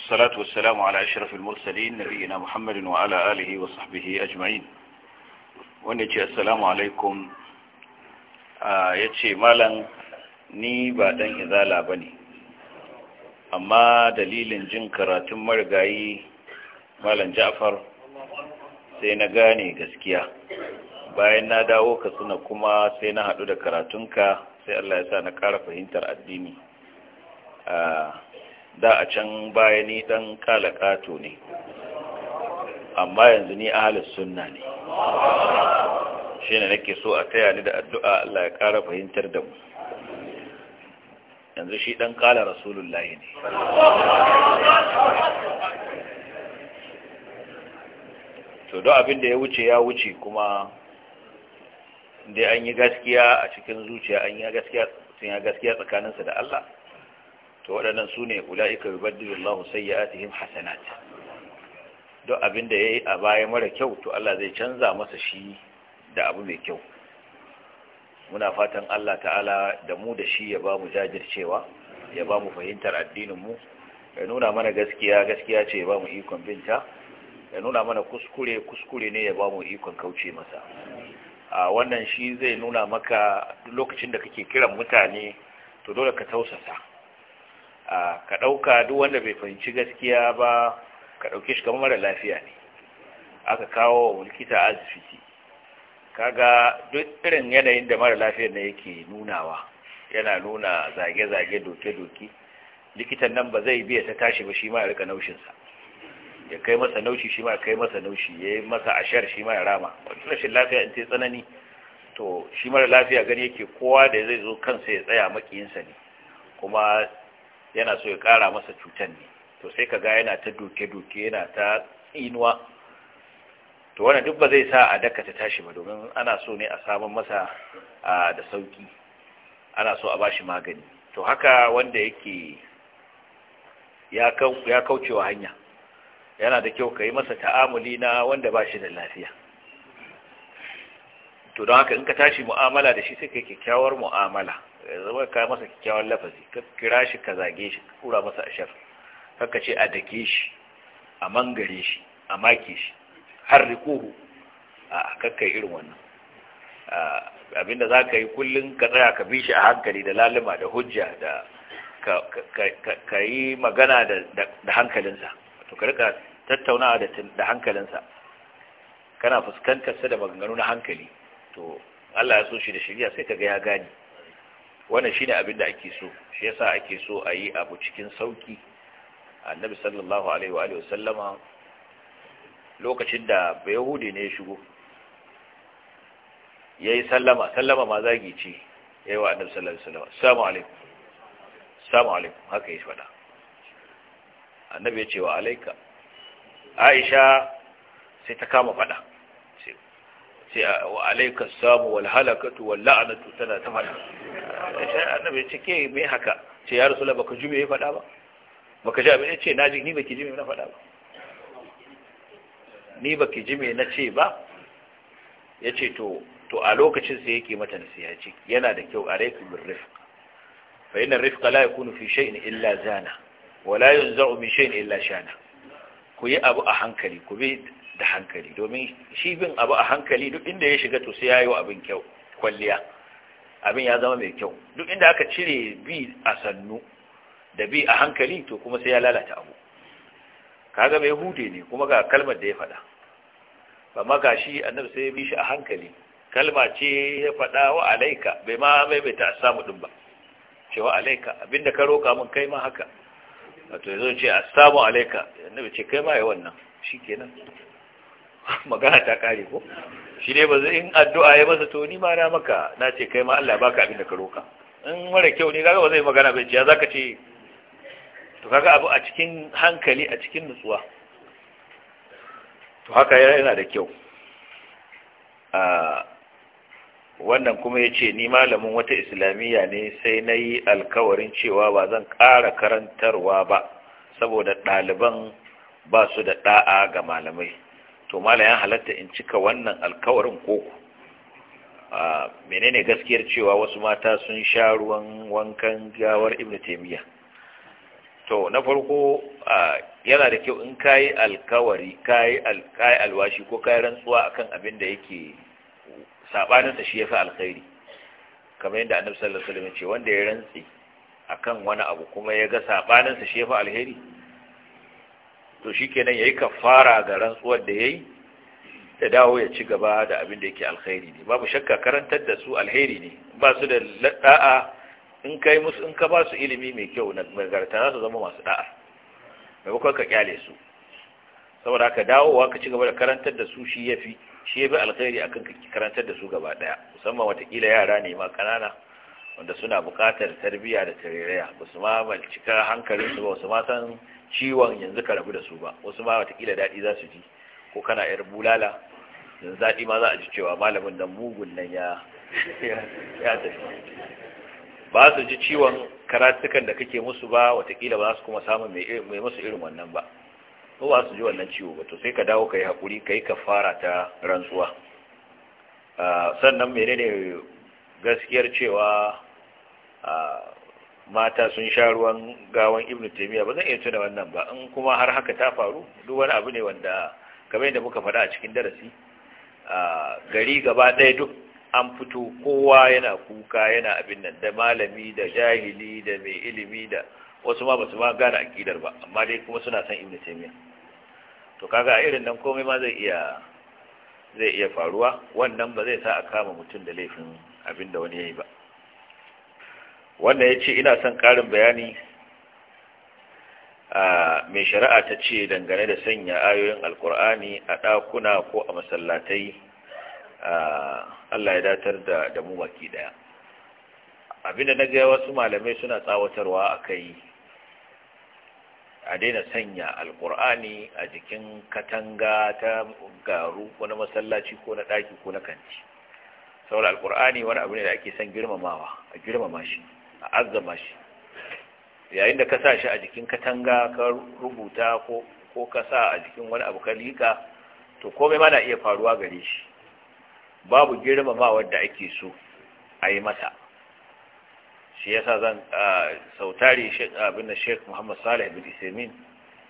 salatu wassalamu ala ashrafil mursalin nabiyina Muhammadin wa ala alihi wa sahbihi ajma'in wanda ce assalamu alaikum ya ce malam ni ba dan izala bane amma dalilin jin karatun marigayi malam ja'far sai na gane gaskiya bayan na dawo ka suna kuma sai na haɗu da karatunka sai Allah ya sa na ƙara fahimtar addini da a can baya ni ɗan kalakato ne amma yanzu ni halin sunna ne shi ne nake so a taya ni da addu'a Allah ya ƙara fahimtar da mu yanzu shi ɗan ƙala rasulullahi ne to don abin da ya wuce ya wuce kuma da an yi gaskiya a cikin zuciya an yi gaskiya tsakaninsa da Allah to waɗannan su ne ula'ika yubaddilullahu sayyi'atihim hasanat don abin da yayi a baya mara kyau to Allah zai canza masa shi da abu mai kyau muna fatan Allah ta'ala da mu da shi ya ba mu jajircewa ya ba mu fahimtar addinin mu ya nuna mana gaskiya gaskiya ce ya ba mu ikon binta ya nuna mana kuskure kuskure ne ya ba mu ikon kauce masa a wannan shi zai nuna maka lokacin da kake kiran mutane to dole ka tausasa a ka ɗauka duk wanda bai fahimci gaskiya ba ka ɗauke shi kamar mara lafiya ne aka kawo wa likita asibiti kaga duk irin yanayin da mara lafiyar na yake nunawa yana nuna zage-zage doke-doke likitan nan ba zai biya ta tashi ba shi ma ya rika naushinsa ya kai masa naushi shi ma ya kai masa naushi ya yi masa ashar shi ma ya rama wata rashin lafiya in ta tsanani to shi mara lafiya gani yake kowa da zai zo kansa ya tsaya makiyinsa ne kuma yana so ya kara masa cutan ne to sai ka ga yana ta doke-doke yana ta tsinuwa to wannan duk ba zai sa a daka ta tashi ba domin ana so ne a samun masa da sauki ana so a bashi magani to haka wanda yake ya kaucewa hanya yana da kyau ka yi masa ta'amuli na wanda ba shi da lafiya to don haka in ka tashi mu'amala da shi sai ka kyakkyawar mu'amala ya zama ka masa kyakkyawar lafazi ka kira shi ka zage shi ka kura masa a ashar ka ce a dake shi a mangare shi a make shi har rikuhu a kakkai irin wannan abinda za ka yi kullum ka tsaya ka bi shi a hankali da lalima da hujja da ka yi magana da hankalinsa to ka rika tattaunawa da hankalinsa kana fuskantar sa da maganganu na hankali to Allah ya so shi da shari'a sai kaga ya gane wannan shine abin da ake so shi yasa ake so a yi abu cikin sauki annabi sallallahu alaihi wa alihi wasallama lokacin da yahudi ne ya shigo yayi sallama sallama ma zagi ce yayi wa annabi sallallahu alaihi wasallama assalamu alaikum assalamu alaikum haka yayi fada annabi ya ce wa alaika aisha sai ta kama fada sai wa alaika samu tana ta fada annabi ya ce ke haka ce ya jume ya fada ba baka ji abin ya ce ni baki na fada ba ni baki na ce ba ya ce to a lokacin sai yake mata nasiha ce yana da kyau alaikum birrifq fa inna rifqa la fi shay'in illa zana wala za'u min shay'in illa shana ku yi abu a hankali ku bi da hankali domin shi bin abu a hankali duk inda ya shiga to sai yayi wa abin kyau kwalliya abin ya zama mai kyau duk inda aka cire bi a sannu da bi a hankali to kuma sai ya lalata abu kaga mai hude ne kuma ga kalmar da ya faɗa amma ga shi annabi sai ya bi shi a hankali kalma ce ya faɗa wa alaika bai ma mai bai ta samu ɗin ba cewa alaika abinda ka roka min kai ma haka wato yazo ce assalamu alayka annabi ce kai ma yi wannan shi kenan. magana ta kare ko shi ne ba zai in addu'a ya masa to ni ma na maka na ce kai ma Allah ya baka abin da ka roka in mara kyau ne kaga ba zai magana bai ya zaka ce to kaga abu a cikin hankali a cikin nutsuwa to haka yana da kyau a ah, wannan kuma ya ce ni malamin wata islamiyya ne sai na yi alkawarin cewa ba zan ƙara karantarwa ba saboda ɗaliban ba su da ɗa'a ga malamai to malayan halatta in cika wannan alkawarin ko a menene gaskiyar cewa wasu mata sun sha ruwan wankan gawar ibn taimiyya to na farko yana da kyau in kayi alkawari kayi alwashi ko kayi rantsuwa akan abin da yake sa shi ya fi alkhairi kamar yadda annabi sallallahu alaihi wasallam ce wanda ya rantsi akan wani abu kuma ya ga sabaninsa shi ya fi alheri to shikenan yayi kafara ga rantsuwar da yayi da dawo ya ci gaba da abin da yake alkhairi ne babu shakka karantar da su alheri ne ba su da da'a in kai musu in ka ba su ilimi mai kyau na garta za su zama masu da'a maimakon ka kyale su saboda ka dawowa ka ci gaba da karantar da su shi yafi shi ya bi alkhairi akan karantar da su gaba daya musamman watakila yara ne ma kanana wanda suna buƙatar tarbiyya da tarairaya ba su ma malcika hankalinsu ba wasu ma san ciwon yanzu ka rabu da su ba wasu ma watakila daɗi za su ji ko kana yar bulala yanzu daɗi ma za a ji cewa malamin nan mugun nan ya ya tafi ba su ji ciwon karatukan da kake musu ba watakila ba za su kuma samun mai musu irin wannan ba ko ba su ji wannan ciwo ba to sai ka dawo ka yi haƙuri ka yi kafara ta rantsuwa ah, sannan ne gaskiyar cewa ah, mata sun sha ruwan gawan ibnu taimiyya ba zan iya tuna wannan ba in kuma har haka ta faru duk wani abu ne wanda kamar yadda muka faɗa a cikin darasi ah, gari gaba ɗaya duk an fito kowa yana kuka yana abin nan da malami da jahili da mai ilimi da wasu ma su ma gane akidar ba amma dai kuma suna san ibnu taimiyya. to kaga a irin nan komai ma zai iya zai iya faruwa wannan ba zai sa a kama mutum da laifin abin da wani ya yi ba wannan ya ce ina son ƙarin bayani a mai shari'a ta ce dangane da sanya ayoyin alkur'ani a ɗakuna ko a masallatai Allah ya datar da mu baki daya abinda na ga wasu malamai suna tsawatarwa a kai a daina sanya alkur'ani a jikin katanga ta garu ko na masallaci ko na ɗaki ko na kanti saboda alkur'ani wani abu ne da ake san girmamawa a girmama shi a azzama shi yayin da ka sa shi a jikin katanga ka rubuta ko ka sa a jikin wani abu ka liƙa to komai ma na iya faruwa gare shi babu girmamawa da ake so a yi masa shi yasa zan sautari abin da sheik muhammad salih bin isamin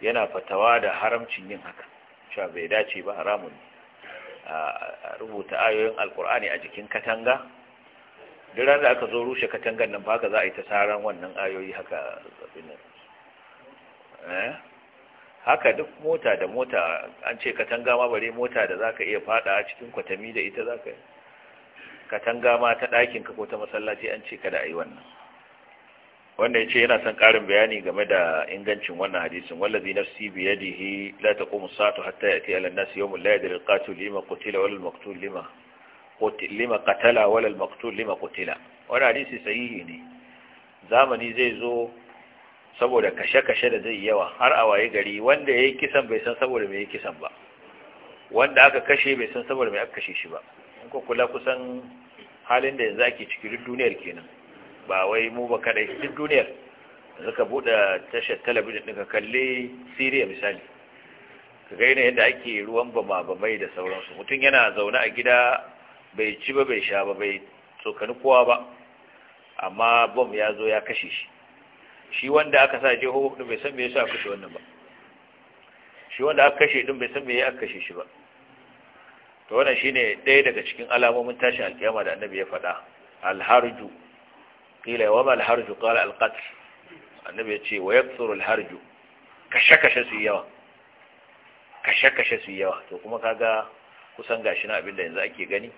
yana fatawa da haramcin yin haka cewa bai dace ba haramun rubuta ayoyin alkur'ani a jikin katanga duran da aka zo rushe katangan nan ba za a yi ta saran wannan ayoyi haka eh? haka duk mota da mota an ce katanga ma bare mota da za ka iya fada cikin kwatami da ita za ka yi katanga ma ta ɗakinka ko ta masallaci an ce kada a yi wannan wanda ya ce yana son ƙarin bayani game da ingancin wannan hadisin wallazi nafsi bi yadihi la taqumu sa'atu hatta yati ala an-nas yawmul la yadri al-qatil lima qutila wala al-maqtul lima qutila lima qatala wala al-maqtul lima qutila wannan hadisi sahihi ne zamani zai zo saboda kashe-kashe da zai yawa har a waye gari wanda yayi kisan bai san saboda me yayi kisan ba wanda aka kashe bai san saboda me aka kashe shi ba in ku kula kusan halin da yanzu ake ciki duk duniyar kenan ba wai mu ba kadai duk duniyar yanzu ka buɗe tashar talabijin ɗin ka kalle siriya misali ka ga yadda ake ruwan bama bamai da sauransu mutum yana zaune a gida bai ci ba bai sha ba bai tsokani kowa ba amma bom ya zo ya kashe shi shi wanda aka sa jeho ɗin bai san me yasa kashe wannan ba shi wanda aka kashe ɗin bai san me ya kashe shi ba to wannan shine ɗaya daga cikin alamomin tashi alkiyama da annabi ya faɗa alharju qila wa ma alharju qala alqatl annabi ya ce wa yakthuru alharju kashe kashe su yawa kashe kashe su yawa to kuma kaga kusan gashi na abin da yanzu ake gani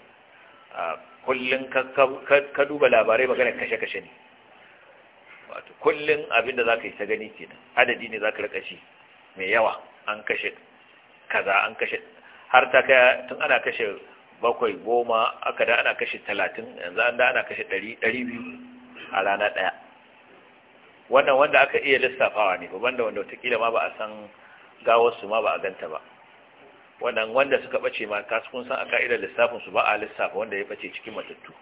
a kullun ka duba labarai magana kashe kashe ne wato kullun abin da zaka yi ta gani kenan adadi ne zaka rika shi mai yawa an kashe kaza an kashe har ta kai tun ana kashe bakwai goma aka da ana kashe talatin yanzu an da ana kashe ɗari biyu a rana ɗaya wannan wanda aka iya lissafawa ne babban da wanda watakila ma ba a san gawarsu ma ba a ganta ba wannan wanda suka ɓace ma kasukun san a lissafin lissafinsu ba a lissafa wanda ya ɓace cikin matattu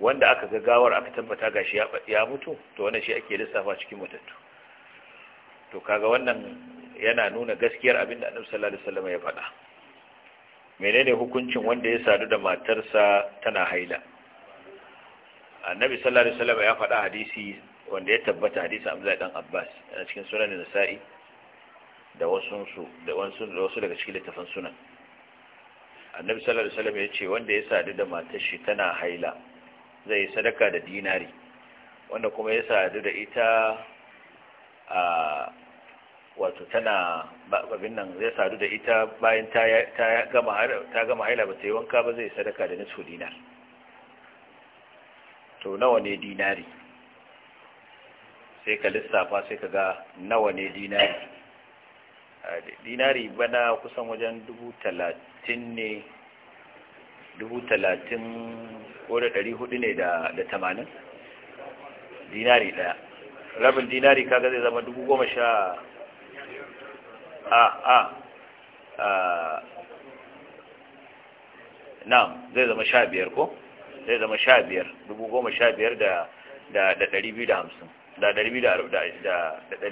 wanda aka ga gawar aka tabbata gashi ya mutu to wannan shi ake lissafa cikin matattu to kaga wannan yana nuna gaskiyar abin da annabi sallallahu alaihi wasallam ya faɗa menene hukuncin wanda ya sadu da matarsa tana haila annabi sallallahu alaihi wasallam ya faɗa hadisi wanda ya tabbata hadisi Abdullahi dan Abbas a cikin sunan Nasa'i da wasu su da wasu da wasu daga cikin littafan sunan annabi sallallahu alaihi wasallam ya ce wanda ya sadu da matar shi tana haila zai yi sadaka da dinari wanda kuma ya sadu da ita a wato tana abin nan zai sadu da ita bayan ta gama haila ba ta yi wanka ba zai sadaka da nisfu dinar to nawa ne dinari sai ka lissafa sai ka ga nawa ne dinari dinari bana kusan wajen dubu talatin ne dubu talatin ko da dari hudu ne da tamanin dinari ɗaya rabin dinari kaga zai zama dubu goma sha a nan zai zama sha biyar ko zai zama sha biyar dubu goma sha biyar da da ɗari biyu da hamsin da ɗari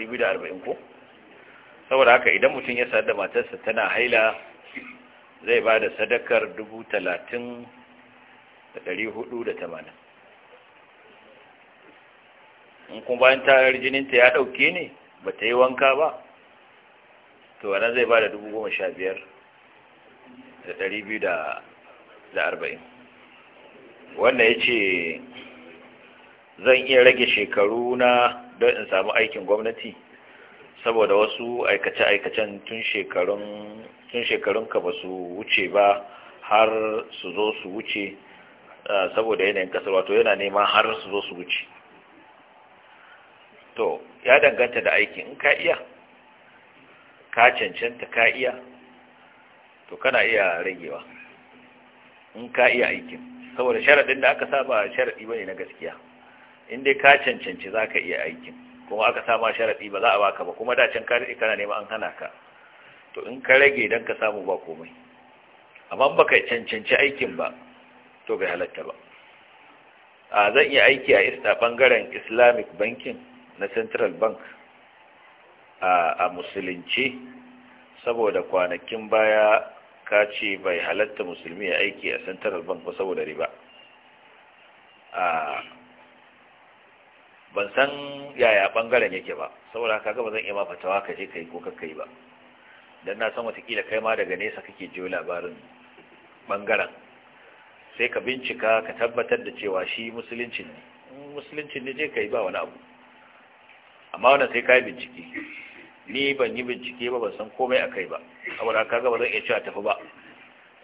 biyu da arba'in ko saboda haka idan mutum ya sadar da matarsa tana haila zai ba da sadakar dubu talatin da ɗari hudu da tamanin in kuma bayan tayar jininta ya ɗauke ne ba ta yi wanka ba to wannan zai ba da dubu goma sha biyar da ɗari biyu da arba'in wannan ya ce zan iya rage shekaru na don in samu aikin gwamnati saboda wasu aikace-aikacen tun shekarunka ba su wuce ba har su zo su wuce saboda yanayin kasar wato yana nema har su zo su wuce to ya danganta da aiki in ka iya ka cancanta ka iya to kana iya ragewa in ka iya aikin saboda sharaɗin da aka saba sharaɗi bane na gaskiya in dai ka cancanci za ka iya aikin kuma aka sama sharaɗi ba za a baka ba kuma dacin ka daɗe kana nema an hana ka to in ka rage don ka samu ba komai amma ba ka cancanci aikin ba to bai halatta ba a zan iya aiki a ista ɓangaren islamic banking na central bank a musulunci saboda kwanakin baya ka ce bai halatta musulmi ya aiki a central bank ba saboda riba ban san yaya bangaren yake ba saboda kaga ba zan iya ma fatawa ka je kai ko ka kai ba dan na san watakila kai ma daga nesa kake jiyo labarin bangaren sai ka bincika ka tabbatar da cewa shi musuluncin ne musuluncin ne je kai ba wani abu amma wannan sai ka yi bincike ni ban yi bincike ba ban san komai a kai ba saboda kaga ba zan iya cewa tafi ba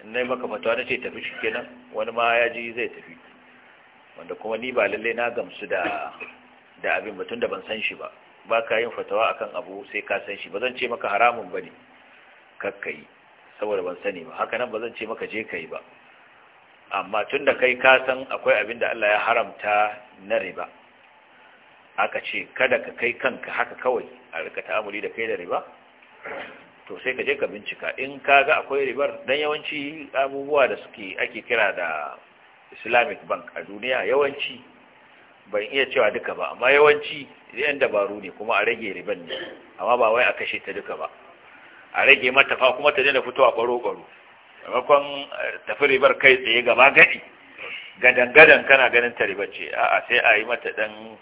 in yi maka fatawa na ce tafi shi kenan. wani ma ya ji zai tafi wanda kuma ni ba lallai na gamsu da da abin ba da ban san shi ba ba ka yin fatawa akan abu sai ka san shi ba zan ce maka haramun ba ne. kakkai saboda ban sani ba haka nan ba zan ce maka je kai ba amma tunda kai ka san akwai abin da Allah ya haramta na riba aka ce kada ka kai kanka haka kawai a rika ta'amuli da kai da riba to sai ka je ka bincika in ka ga akwai ribar dan yawanci abubuwa da suke ake kira da islamic bank a duniya yawanci ban iya cewa duka ba amma yawanci yan dabaru ne kuma a rage riban ne amma ba wai a kashe ta duka ba a rage mata fa kuma ta daina a baro-baro maimakon eh, tafi ribar kai tsaye gaba gadi gadan-gadan kana ganin ta ribar ce A'a sai a yi mata dan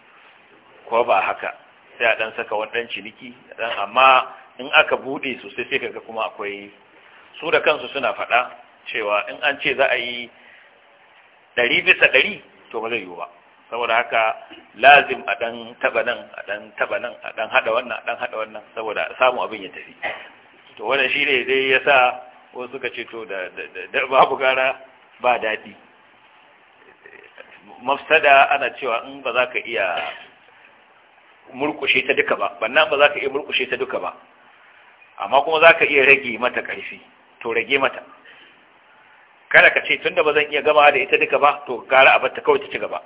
ko ba haka sai a dan saka wannan ciniki dan amma in aka bude sosai sai kaga kuma akwai su da kansu suna faɗa cewa in an ce za a yi ɗari bisa ɗari to ba zai yi ba saboda haka lazim a ɗan taɓa nan a ɗan taɓa nan a ɗan haɗa wannan a ɗan haɗa wannan saboda samun abin ya tafi to wannan shi ne dai ya sa wasu suka ce to da babu gara ba daɗi mafsada ana cewa in ba za ka iya murkushe ta duka ba banna ba za ka iya murkushe ta duka ba amma kuma za ka iya rage mata ƙarfi to rage mata kada ka ce da ba zan iya gama da ita duka ba to gara a batta kawai ta ci gaba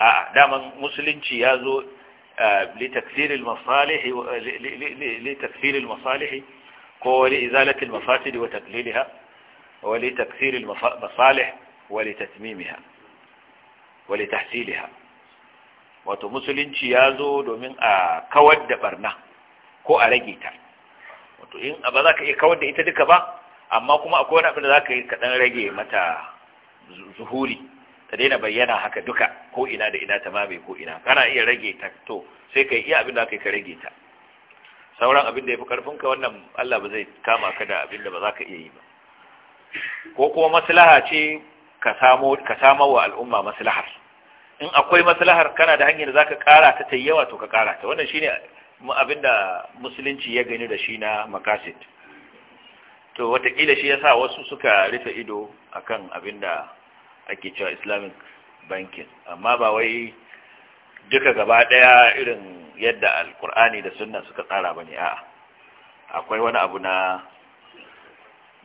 a'a daman musulunci ya zo لتكثير المصالح لتكثير المصالح ولإزالة المفاسد وتقليلها ولتكثير المصالح ولتتميمها ولتحسيلها wato musulunci ya zo domin a kawar da barna ko a rage ta wato in ba za ka iya kawar da ita duka ba amma kuma akwai wani abin da za ka yi kaɗan rage mata zuhuri ta daina bayyana haka duka ko ina da ina ta mame ko ina kana iya rage ta to sai ka iya abin da ka rage ta sauran abin da ya fi ka wannan Allah ba zai kama ka da abin da ba za ka iya yi ba ko kuma maslaha ce ka samo ka samar wa al'umma maslahar in akwai maslahar kana da hanyar da zaka kara ta ta yawa to ka kara ta wannan shine abinda musulunci ya gani da shi na makasid to watakila shi yasa wasu suka rufe ido akan abinda ake cewa islamic banking amma ba wai duka gaba ɗaya irin yadda alkur'ani da sunna suka tsara bane a'a akwai wani abu na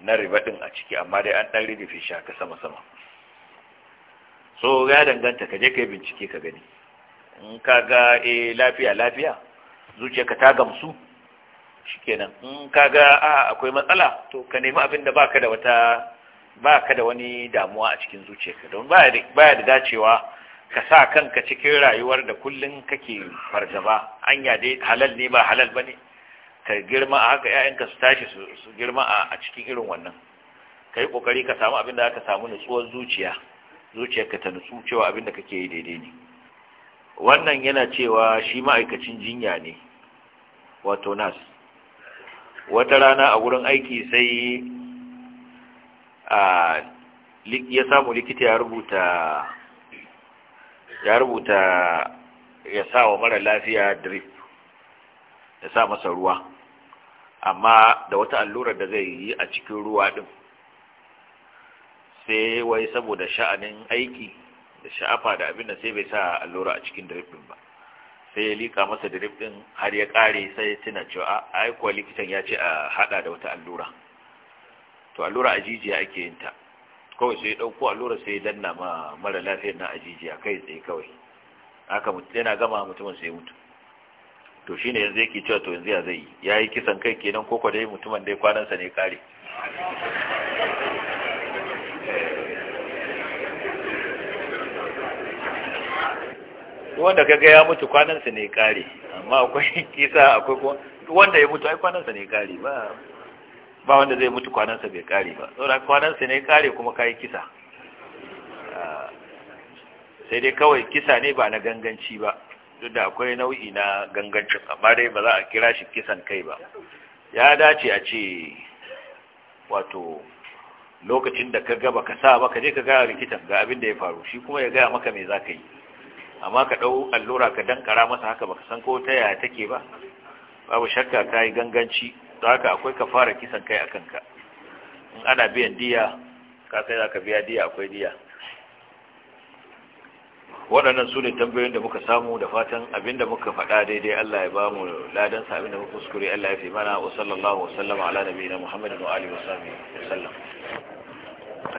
na riba din a ciki amma dai an ɗan rufe shi ka sama sama so ya danganta ka je ka yi bincike ka gani in ka ga e lafiya lafiya zuciyarka ta gamsu shikenan in ka ga a akwai matsala to ka nemi abin da baka da wata baka da wani damuwa a cikin zuciyarka don baya da dacewa ka sa kanka cikin rayuwar da kullun kake fargaba anya dai halal ne ba halal bane ka girma a haka ƴaƴanka su tashi su girma a cikin irin wannan kai kokari ka samu abin da zaka samu nutsuwar zuciya zuciyarka ta nutsu cewa abin da kake yi daidai ne wannan yana cewa shi ma'aikacin jinya ne wato nas wata rana a wurin aiki sai a ya samu likita ya rubuta ya rubuta ya sa wa mara lafiya drip ya sa masa ruwa amma da wata allurar da zai yi a cikin ruwa din sai wai saboda sha'anin aiki da sha'afa da abin da sai bai sa allura a cikin drip din ba sai ya lika masa drip din har ya kare sai ya tuna cewa ai kuwa likitan ya ce a hada da wata allura to allura a ake yin ta kawai sai ya dauko allura sai ya danna ma mara lafiyar na a kai tsaye kawai haka yana gama mutumin sai mutu to shine yanzu yake cewa to yanzu ya zai yi yayi kisan kai kenan ko ko dai mutumin dai kwanansa ne kare wanda kaga ya mutu kwanan sa ne kare amma akwai kisa akwai kuma wanda ya mutu ai sa ne kare ba ba wanda zai mutu kwanan sa bai kare ba saboda sa ne kare kuma kai kisa ah, sai dai kawai kisa ne ba na ganganci ba duk da akwai nau'i na gangancin amma dai ba za a kira shi kisan kai ba ya dace a ce wato lokacin da ka gaba ka sa ba ka je ka gaya rikitan ga abin da ya faru shi kuma ya gaya maka me za ka yi amma ka ɗau allura ka dankara masa haka baka san ko ta yaya take ba babu shakka ka yi ganganci don haka akwai ka fara kisan kai a kanka in ana biyan diya ka sai za ka biya diya akwai diya waɗannan su ne tambayoyin da muka samu da fatan abinda muka faɗa daidai Allah ya ba mu ladansa abinda muka kuskure Allah ya fi mana wa sallallahu wa sallama ala nabiyina Muhammadin wa alihi wa sahbihi wa sallam